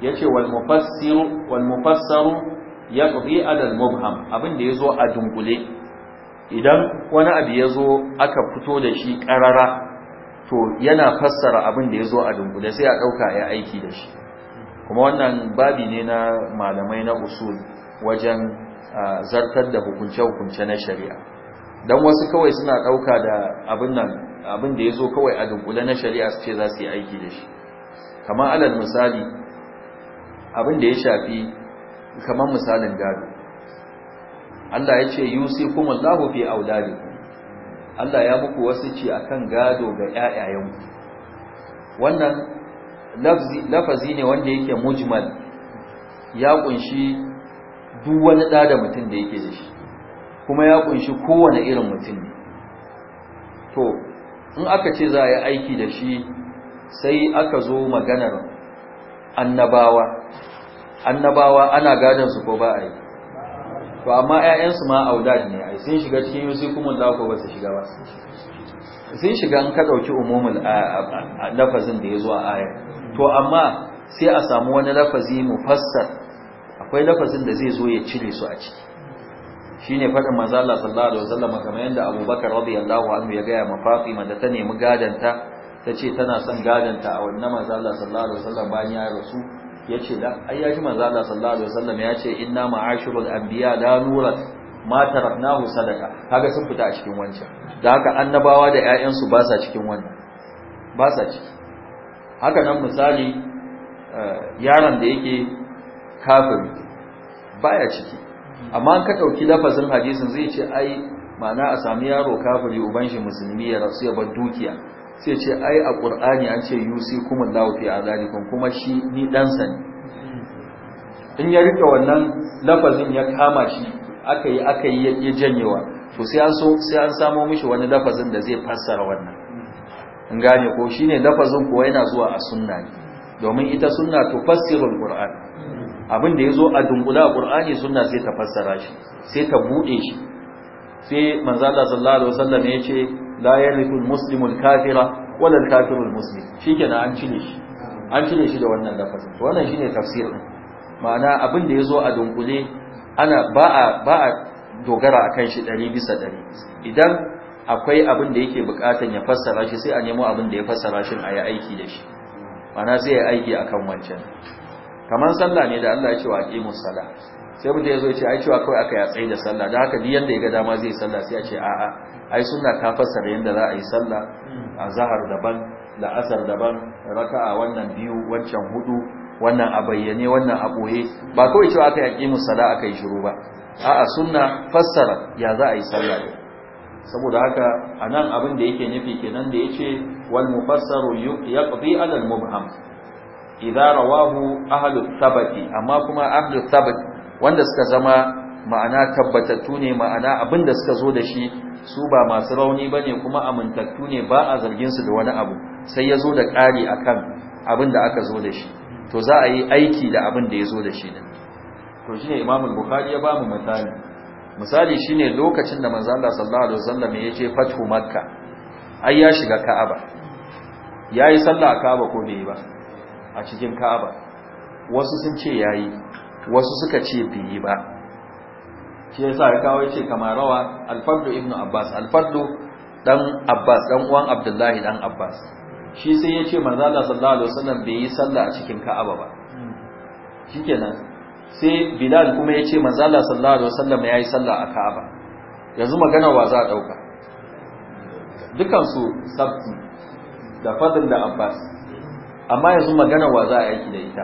[SPEAKER 1] yace wal mufassiru wal mufassaru yaqdi ala al mubham abin da yazo a dungule idan wani abu ya zo aka fito da shi ƙarara to yana fassara abin da ya zo a dunkule sai a ɗauka ya aiki da shi kuma wannan babi ne na malamai na usul wajen zartar da hukunce-hukunce na shari'a don wasu kawai suna ɗauka da abin da ya zo kawai a dunkule na shari'a su ce za su yi aiki da shi kamar alal misali abin da ya shafi kamar misalin gado Allah ya ce yusi kuma Allahu fi auladikum Allah ya muku wasici akan gado ga ƴaƴayenku wannan lafzi lafazi ne wanda yake mujmal ya kunshi duk wani da da mutum da yake da shi kuma ya kunshi kowane irin mutum ne to in aka ce za a yi aiki da shi sai aka zo maganar annabawa annabawa ana gadon su ko ba a yi to amma ƴaƴansu ma audad ne ai sun shiga cikin kuma da ku ba su shiga ba sun shiga an ka dauki umumul lafazin da yazo a ayar to amma sai a samu wani lafazi mufassar akwai lafazin da zai zo ya cire su a ciki shine fadin manzo Allah sallallahu alaihi wasallam kamar yanda Abubakar radiyallahu anhu ya gaya ma Fatima da ta nemi gadanta tace tana son gadanta a wannan manzo Allah sallallahu alaihi wasallam bayan ya rasu Ya ce da ai ya manzo Allah sallallahu alaihi wasallam ce inna ma'ashirul anbiya la nurat ma taraknahu sadaka kaga sun fita a cikin wancan da haka annabawa da ƴaƴan su ba sa cikin wannan ba sa ciki haka nan misali eh, yaron da yake kafiri baya ciki amma an ka dauki lafazin hadisin zai ce ai ma'ana a sami yaro kafiri uban shi musulmi ya rasu ya bar dukiya sai ce ai a qur'ani an ce kuma yusikumullahu fi azalikum kuma shi ni dan ne in ya rike wannan lafazin ya kama shi aka yi aka ya janyewa to sai an so sai an samo mishi wani lafazin da zai fassara wannan in gane ko shine lafazin ko yana zuwa a sunna ne domin ita sunna to fassirul qur'an abin da ya zo a dungula qur'ani sunna sai ta fassara shi sai ta buɗe shi sai manzo Allah sallallahu alaihi wasallam ya ce la yarithu al kafira wala al-kafiru an cire shi an cire shi da wannan lafazin to wannan shine tafsir din ma'ana abin da yazo a dunkule ana ba a ba a dogara akan shi 100 bisa 100 idan akwai abin da yake bukatun ya fassara shi sai a nemo abin da ya fassara shi a yi aiki da shi ma'ana sai ya aiki akan wancan kamar sallah ne da Allah ya ce wa aqimu sallah sai mutum ya zo ce ai cewa kawai aka tsaye da sallah da haka da ya ga dama zai sallah sai ya ce a'a ai sunna ta fassara yanda za a yi sallah a zahar daban la'asar daban raka'a wannan biyu wancan hudu wannan a bayyane wannan a boye ba kawai cewa aka yaki musala aka yi shiru ba a'a sunna fassara ya za a yi sallah saboda haka anan abin da yake nufi kenan da yace wal mufassaru yaqdi ala al mubham idza rawahu ahlus sabati amma kuma ahlus wanda suka zama ma'ana tabbatattu ne ma'ana da suka zo da shi su ba masu rauni bane kuma amintattu ne ba a zargin su da wani abu sai ya zo da ƙari akan abin da aka zo da shi to za a yi aiki da abin da ya zo da shi to shine imamul bukhari ya ba mu misali misali shine lokacin da manzo Allah sallallahu alaihi wasallam ya je fathu makka ai ya shiga ka'aba yayi sallah a ka'aba ko bai yi ba a cikin ka'aba wasu sun ce yayi wasu suka ce bai yi ba shi yasa ya kawo yace kamarawa rawa al ibn Abbas alfardu dan Abbas dan uwan Abdullahi dan Abbas shi sai yace manzo Allah sallallahu alaihi wasallam bai yi sallah a cikin Ka'aba ba shikenan sai Bilal kuma yace manzo Allah sallallahu alaihi wasallam yayi sallah a Ka'aba yanzu magana wa za a dauka dukan su sabti da fadin da Abbas amma yanzu magana wa za a yaki da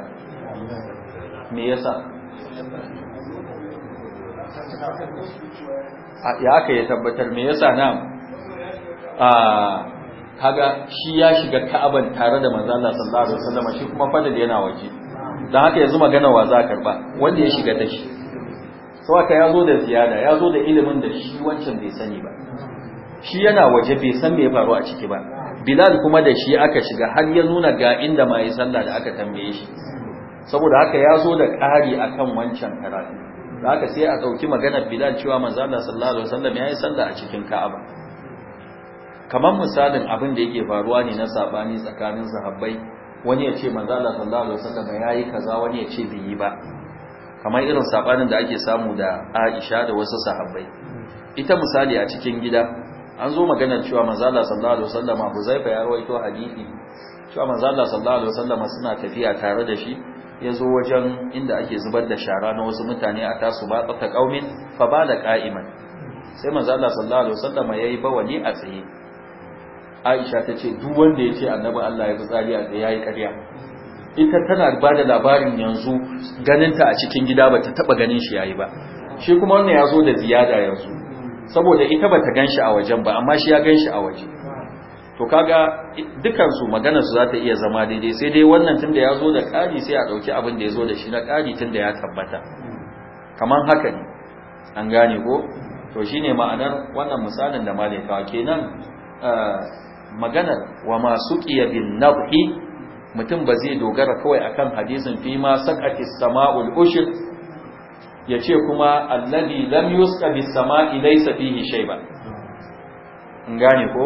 [SPEAKER 1] ita me yasa ya aka yi tabbatar me yasa na a kaga shi ya shiga ka'aban tare da manzana Allah sallallahu alaihi wasallam shi kuma fadil yana waje dan haka yanzu magana wa za a karba wanda ya shiga ta shi sau aka ya zo da ziyada ya zo da ilimin da shi wancan bai sani ba shi yana waje bai san mai faru a ciki ba bilal kuma da shi aka shiga har ya nuna ga inda mai sallah da aka tambaye shi saboda haka ya zo da ƙari akan wancan karatu da haka sai a ɗauki maganar bilal cewa manzo Allah sallallahu alaihi wasallam ya yi sallah a cikin ka'aba kamar misalin abin da yake faruwa ne na sabani tsakanin sahabbai wani ya ce manzo Allah sallallahu alaihi wasallam ya yi kaza wani ya ce bai yi ba kamar irin sabanin da ake samu da Aisha da wasu sahabbai ita misali a cikin gida an zo maganar cewa manzala sallallahu alaihi wasallam zaifa ya rawaito hadisi cewa manzala sallallahu alaihi wasallam suna tafiya tare da shi ya zo wajen inda ake zubar da shara na wasu mutane a tasu ba tsaka kaumin fa da qa'iman sai manzala sallallahu alaihi wasallam yayi bawani a tsaye Aisha ta ce duk wanda yace annabi Allah ya fitsari a tsaye yayi ƙarya ita tana ba da labarin yanzu ganinta a cikin gida bata taba ganin shi yayi ba shi kuma wannan yazo da ziyada yanzu saboda ita bata ganshi a wajen ba amma shi ya ganshi a waje to kaga dukansu su maganar su zata iya zama daidai sai dai wannan tunda ya zo da ƙari sai a ɗauki abin da ya zo da shi na ƙari tunda ya tabbata kaman haka ne an gane ko to shine ma'anar wannan misalin da malaika kenan eh, maganar wa masu bin nabhi mutum ba zai dogara kawai akan hadisin fi ma sakati sama'ul ushur ya ce kuma allazi lam yuska bis sama'i laysa fihi shay'an in gane ko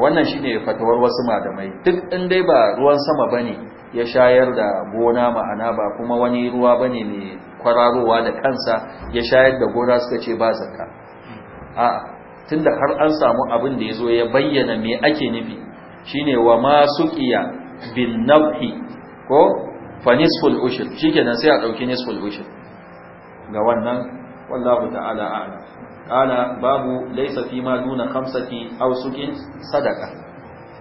[SPEAKER 1] wannan shine fatawar wasu madamai duk in dai ba ruwan sama bane ya shayar da gona ma'ana ba kuma wani ruwa bane ne kwararowa da kansa ya shayar da gona suka ce ba zakka a tunda har an samu abin da yazo ya bayyana me ake nufi shine wa masuqiya bin nafhi ko fa nisful ushur shikenan sai a dauki nisful ushur ga wannan wallahu ta'ala a'lam kana babu laysa fi ma duna khamsati aw sukin sadaqa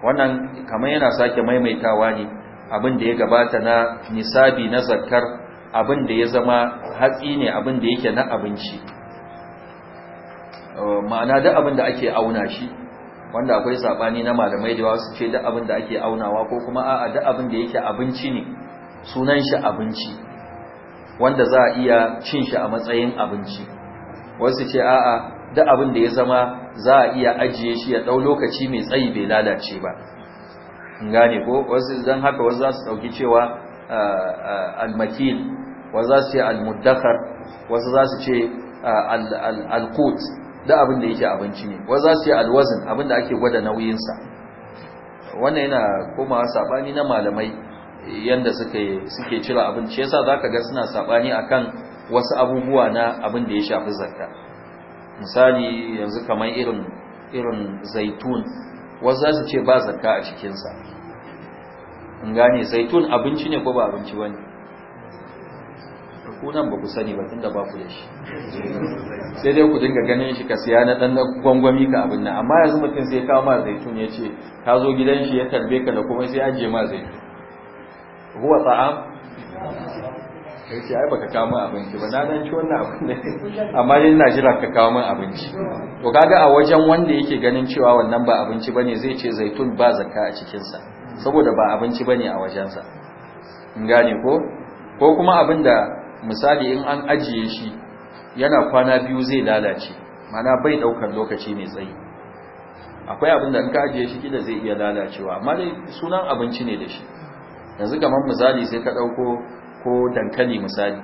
[SPEAKER 1] wannan kamar yana sake maimaitawa ne abin da ya gabata na nisabi na zakkar abin da ya zama hatsi ne abin da yake na abinci uh, ma'ana da abin da ake auna shi wanda akwai sabani na malamai da wasu ce da abin da ake aunawa ko kuma a'a da abin da yake abinci ne sunan shi abinci wanda za a iya cin shi a matsayin abinci wasu ce a'a da abin da ya zama za a iya ajiye shi ya ɗau lokaci mai tsayi bai lalace ba gane ko wasu zan haka wasu za su ɗauki cewa almakil wasu za su ce almuddakar wasu za su ce alkut da abin da yake abinci ne wasu za su ce alwazin abin da ake gwada nauyinsa wannan yana komawa saɓani na malamai yanda suke suke cira abin ce yasa zaka ga suna sabani akan wasu abubuwa na abin da ya shafi zakka misali yanzu kamar irin irin zaitun wasu su ce ba zakka a cikin sa in gane zaitun abinci ne ko ba abinci bane ku nan ba ku sani ba tunda ba ku da shi sai dai ku dinga ganin shi ka siya na dan gwangwami ka abin nan amma yanzu mutum sai ya kawo ma zaitun ya ce ka zo gidan shi ya tarbe ka da kuma sai ya ajiye ma zaitun huwa ta'am kai ce ai baka kawo min abinci ba na dan ci wannan abin da amma yin na jira ka kawo min abinci to kaga a wajen wanda yake ganin cewa wannan ba abinci bane zai ce zaitun ba zakka a cikin sa saboda ba abinci bane a wajen sa in gane ko ko kuma abinda misali in an ajiye shi yana kwana biyu zai lalace mana bai daukar lokaci mai tsayi akwai abin in ka ajiye shi da zai iya lalacewa amma sunan abinci ne da shi yanzu kamar misali sai ka ɗauko ko dankali misali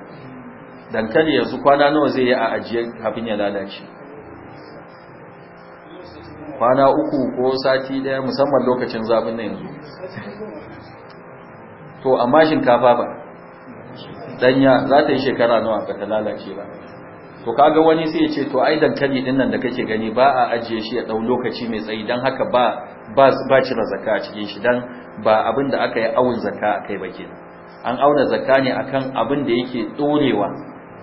[SPEAKER 1] dankali yanzu kwana nawa zai yi a ajiyar kafin ya lalace kwana uku ko sati ɗaya musamman lokacin zafin na yanzu to amma shinkafa ba danya za ta yi shekara nawa ba lalace ba to kaga wani sai ya ce to ai dankali din nan da kake gani ba a ajiye shi ya ɗau lokaci mai tsayi dan haka ba ba ba cire zaka a cikin shi dan ba abin da aka yi awun a kai ba an auna zaka ne akan abin da yake ɗorewa.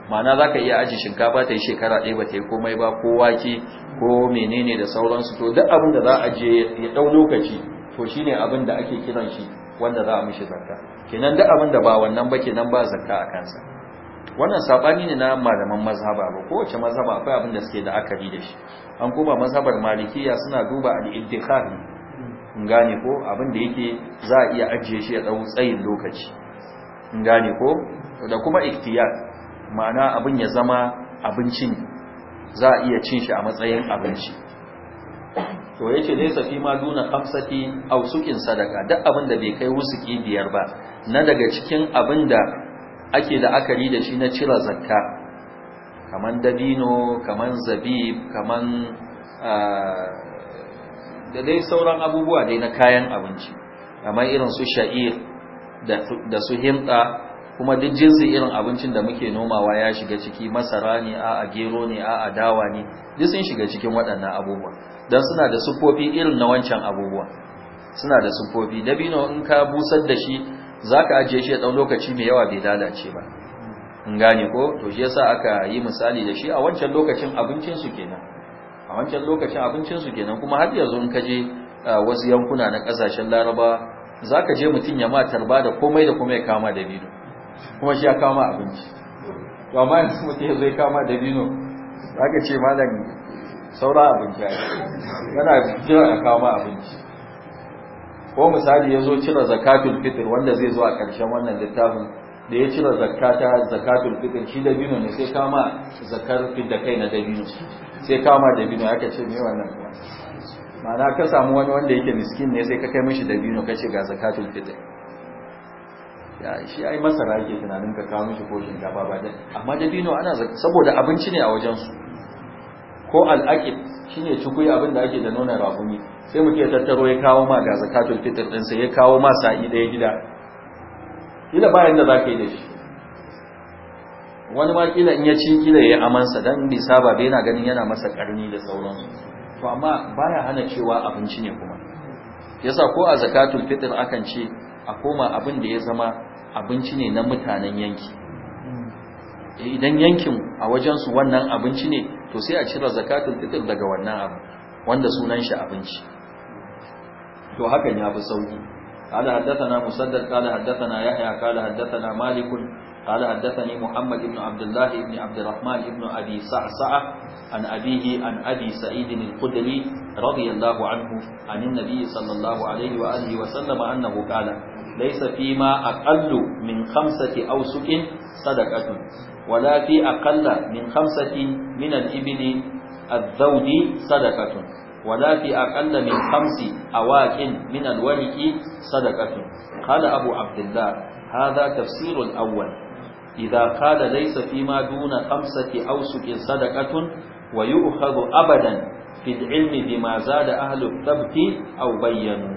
[SPEAKER 1] ma'ana za ka iya aji shinkafa ta yi shekara ɗaya ba ta yi komai ba ko wake ko menene da sauransu to duk abin da za a je ya ɗau lokaci to shi ne abin da ake kiran shi wanda za a mishi zakka kenan duk abin da ba wannan ba kenan ba zakka a kansa wannan saɓani ne na malaman mazhaba ba kowace mazhaba akwai abin da suke da akari da shi an kuma mazhabar malikiya suna duba al-iddikhar in gane ko abin da yake za a iya ajiye shi ya tsawo tsayin lokaci in gane ko da kuma iktiyar ma'ana abin ya zama abincin za a iya cin shi a matsayin abinci to yace dai safi ma duna kamsati aw sukin sadaka duk abin da bai kai wusuki biyar ba na daga cikin abin da ake da akari da shi na cira zakka kaman dabino kaman zabib kaman ah, da dai sauran abubuwa dai na kayan abinci kamar irin su sha'ir da su himta kuma duk jinsin irin abincin da muke nomawa ya shiga ciki masara ne a gero ne a dawa ne duk sun shiga cikin waɗannan abubuwa don suna da sufofi irin na wancan abubuwa suna da da dabino in ka busar da shi za ka ajiye shi ɗan lokaci mai yawa bai lalace ba in gane ko to shi yasa aka yi misali da shi a wancan lokacin abincinsu kenan a wancan lokacin abincinsu kenan kuma har yanzu in ka je wasu yankuna na kasashen laraba za ka je mutum ya matar ba da komai da kuma ya kama da bino kuma shi ya kama abinci to amma yanzu mutum ya zo ya kama da bino za ka ce malam saura abinci a yana jira a kama abinci ko misali ya zo cire zakatul fitr wanda zai zo a ƙarshen wannan littafin da ya cire zakata zakatul fitr shi dabino ne sai kama zakar da kai na dabino sai kama dabino aka ce me wannan ma'ana ka samu wani wanda yake miskin ne sai ka kai mishi dabino ka ce ga zakatul fitr ya shi ai masara yake tunanin ka kawo mishi ko shinkafa ba da amma dabino ana saboda abinci ne a wajen su ko al'aqid shine cikuyi abin da ake da nonon rabumi sai muke tattaro ya kawo ma ga zakatul fitr din sai ya kawo ma sa'i daya gida kila bayan da za ka yi da shi wani ma kila in ya ci kila ya amansa dan bai saba bai na ganin yana masa karni da sauransu to amma baya hana cewa abinci ne kuma yasa ko a zakatul fitr akan ce a koma abin da ya zama abinci ne na mutanen yanki eh, idan yankin a wajen su wannan abinci ne to sai a cire zakatul fitr daga wannan abu wanda sunan shi abinci to hakan ya fi sauki قال حدثنا مسدد قال حدثنا يحيى قال حدثنا مالك قال حدثني محمد بن عبد الله بن عبد الرحمن بن أبي صعصع عن أبيه عن أبي سعيد الخدري رضي الله عنه عن النبي صلى الله عليه وآله وسلم أنه قال ليس فيما أقل من خمسة أوسك صدقة ولا في أقل من خمسة من الإبل الذود صدقة wala fi aqalla min a waƙin min alwahiki sadaqati qala abu abdullah haza tafsir alawwal idha qala laysa ma duna khamsati aw suqin sadaqatun wa yu'khadhu abadan fi maza da zada ahlu tabti aw bayyana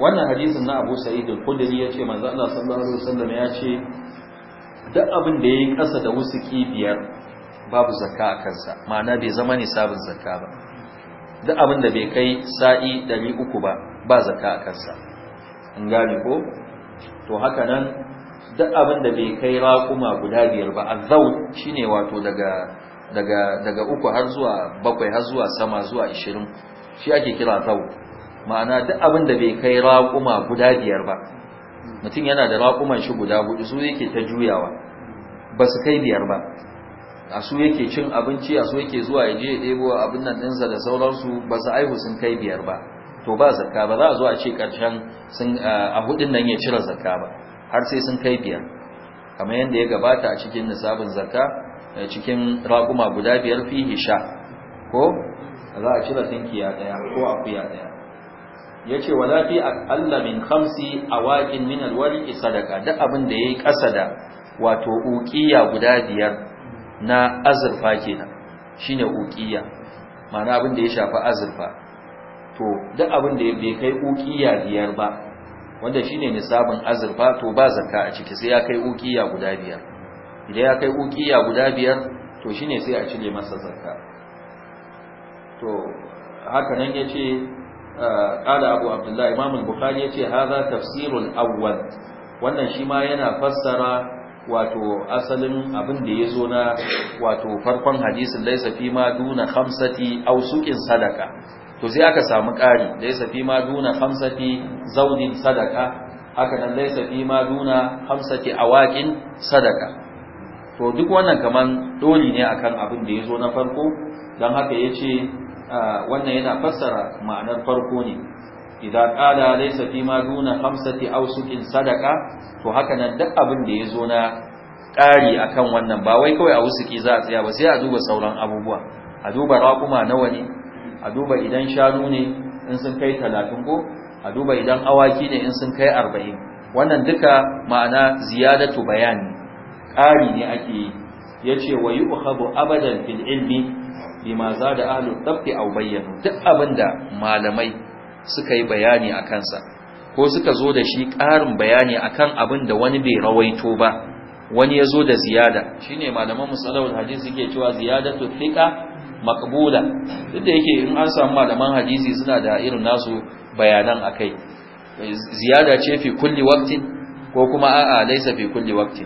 [SPEAKER 1] wannan hadisin na abu sa'id al-khudri yace manzo Allah sallallahu alaihi wasallam yace duk abin da yayi kasa da wasu kibiyar babu zakka a kansa ma'ana bai zama nisabin zakka ba duk abin da bai kai sa'i 300 ba ba zakka a kansa in gane ko to haka nan duk abin da bai kai raƙuma guda biyar ba azau shine wato daga daga daga uku har zuwa bakwai har zuwa sama zuwa 20 shi ake kira zau ma'ana duk abin da bai kai raƙuma guda biyar ba mutum yana da raƙuman shi guda hudu su yake ta juyawa ba su kai biyar ba a su yake cin abinci a su yake zuwa ya je ya ɗebo abin nan ɗinsa da sauransu ba su aihu sun kai biyar ba to ba zakka ba za a zo a ce ƙarshen a hudin nan ya cire zakka ba har sai sun kai biyar kamar yadda ya gabata a cikin nisabin zakka cikin raƙuma guda biyar fi sha ko za a cire tinkiya ɗaya ko akuya ɗaya ya ce wa lafi aƙalla min kamsi a waƙin min alwari sadaka duk abin da ya yi ƙasa da wato uƙiya guda biyar na azurfa kenan shine ukiya ma'ana abin da ya shafi azurfa to duk abin da bai kai ukiya biyar ba wanda shine nisabin azurfa to ba zakka a ciki sai ya kai ukiya guda biyar idan ya kai ukiya guda biyar to shine sai a cire masa zakka to haka nan ce ƙada abu Abdullahi, imam al ya ce haza tafsirul awwal wannan shi ma yana fassara wato asalin abin da ya zo na wato farkon hadisin laisa fi ma duna khamsati aw suqin sadaka to sai aka samu ƙari laisa fi ma duna khamsati zawdin sadaka haka nan laisa fi ma duna khamsati awaqin sadaka to duk wannan kaman doli ne akan abin da ya zo na farko dan haka yace ah, wannan yana fassara ma'anar farko ne idan qala laysa fi ma duna khamsati awsuqin sadaka, to haka nan duk abin da yazo na ƙari akan wannan ba wai kawai a wusuki za a tsaya ba sai a duba sauran abubuwa a duba raƙuma nawa ne a duba idan shanu ne in sun kai talatin ko a duba idan awaki ne in sun kai arba'in wannan duka ma'ana ziyadatu bayani ƙari ne ake yi ya ce wa yi abadan fil ilmi bima za da ahalu aw bayyana bayyano duk abinda malamai suka yi bayani a kansa ko suka zo da shi ƙarin bayani a kan abin da wani bai rawaito ba wani ya zo da ziyada Shi shine malaman musalawul hadisi suke cewa ziyadatu fiƙa makabula duk da yake in an samu malaman hadisi suna da irin nasu bayanan a kai, ziyada ce fi kulli wakti ko kuma a'a laisa fi kulli wakti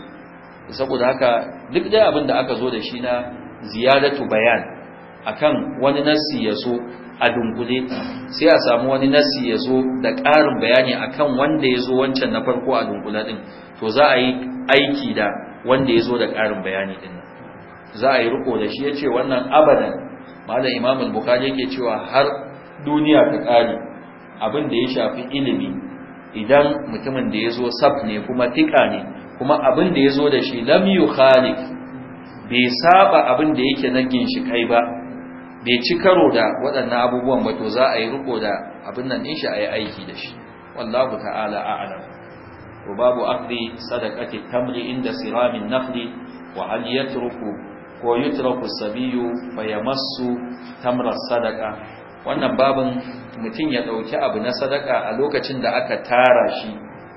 [SPEAKER 1] saboda haka duk dai abin da aka zo da shi na ziyadatu bayan akan wani nassi ya so a dunkule sai a samu wani nasi ya zo da ƙarin bayani akan wanda ya zo wancan na farko a dunkule din to za a yi aiki da wanda ya zo da ƙarin bayani din za a yi riko da shi ya ce wannan abadan malam imam al-bukhari yake cewa har duniya ta ƙare abin da ya shafi ilimi idan mutumin da ya zo sab ne kuma tika ne kuma abin da ya zo da shi lam yukhalif bai saba abin da yake na kai ba bai ci karo da waɗannan abubuwan ba to za a yi riko da abin nan in shi a yi aiki da shi wallahu ta'ala a'lam to babu aqdi sadaqati tamri inda siramin nafli wa hal yatruku ko yutraku sabiyu fa yamassu tamra sadaqa wannan babin mutum ya dauki abu na sadaka a lokacin da aka tara shi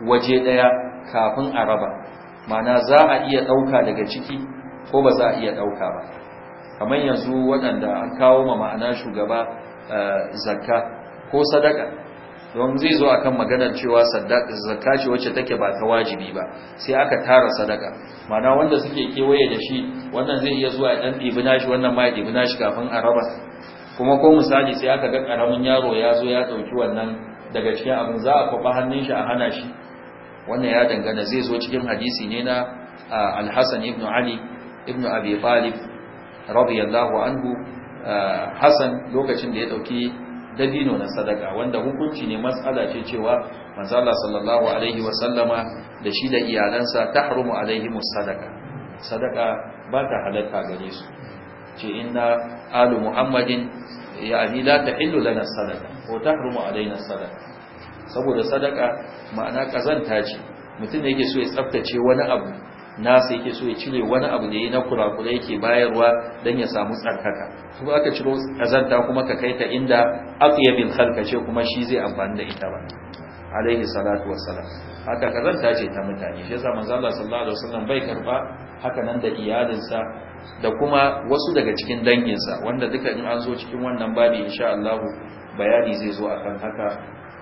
[SPEAKER 1] waje daya kafin a raba mana za a iya dauka daga ciki ko ba za a iya dauka ba kamar yanzu waɗanda an kawo ma ma'ana shugaba eh, zakka ko sadaka don zai zo akan maganar cewa zakka ce wacce take ba ta wajibi ba sai aka tara sadaka Mana wanda suke kewaye da shi wannan zai iya zuwa ɗan ɗibi nashi wannan ma ya ɗibi nashi kafin a raba kuma ko misali sai aka ga ƙaramin yaro ya zo ya ɗauki wannan daga cikin abin za a kwaɓa hannun shi a hana shi wannan ya dangana zai zo cikin hadisi ne na ah, alhassan ibn ali ibn abi talib radiyallahu anhu eh, Hassan lokacin da ya dauki dabino na sadaka wanda hukunci ne matsala ce cewa manzala sallallahu alaihi sallama da shi da iyalansa tahrumu alaihimus sadaka sadaka ba ta halatta gare su ce inna alu muhammadin yani la tahillu lana sadaka ko tahrumu alaina sadaka saboda sadaka ma'ana kazanta ce mutum da yake so ya tsaftace wani abu nasa yake so ya cire wani abu da ya na kurakura yake bayarwa don ya samu tsarkaka su aka ciro kazarta kuma ka kai ta inda aqyabil khalqa ce kuma shi zai amfani da ita ba alaihi salatu wassalam haka kazanta ce ta mutane shi yasa manzo Allah sallallahu alaihi wasallam bai karba haka nan da iyalinsa da kuma wasu daga cikin danginsa wanda duka in an zo cikin wannan babi insha Allah bayani zai zo akan haka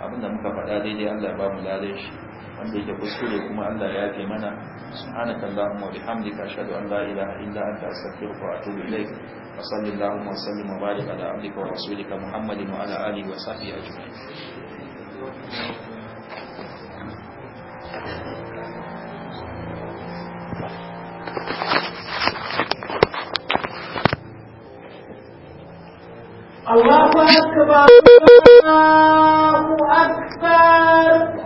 [SPEAKER 1] abinda muka faɗa daidai Allah ya ba mu ladan shi wanda yake kuskure kuma Allah ya yake mana subhanaka allahumma wa bihamdika ashhadu an la ilaha illa anta astaghfiruka wa atubu ilayk wa sallallahu wa sallim wa barik ala abdika wa rasulika muhammadin wa ala alihi wa sahbihi ajma'in
[SPEAKER 2] الله أكبر الله أكبر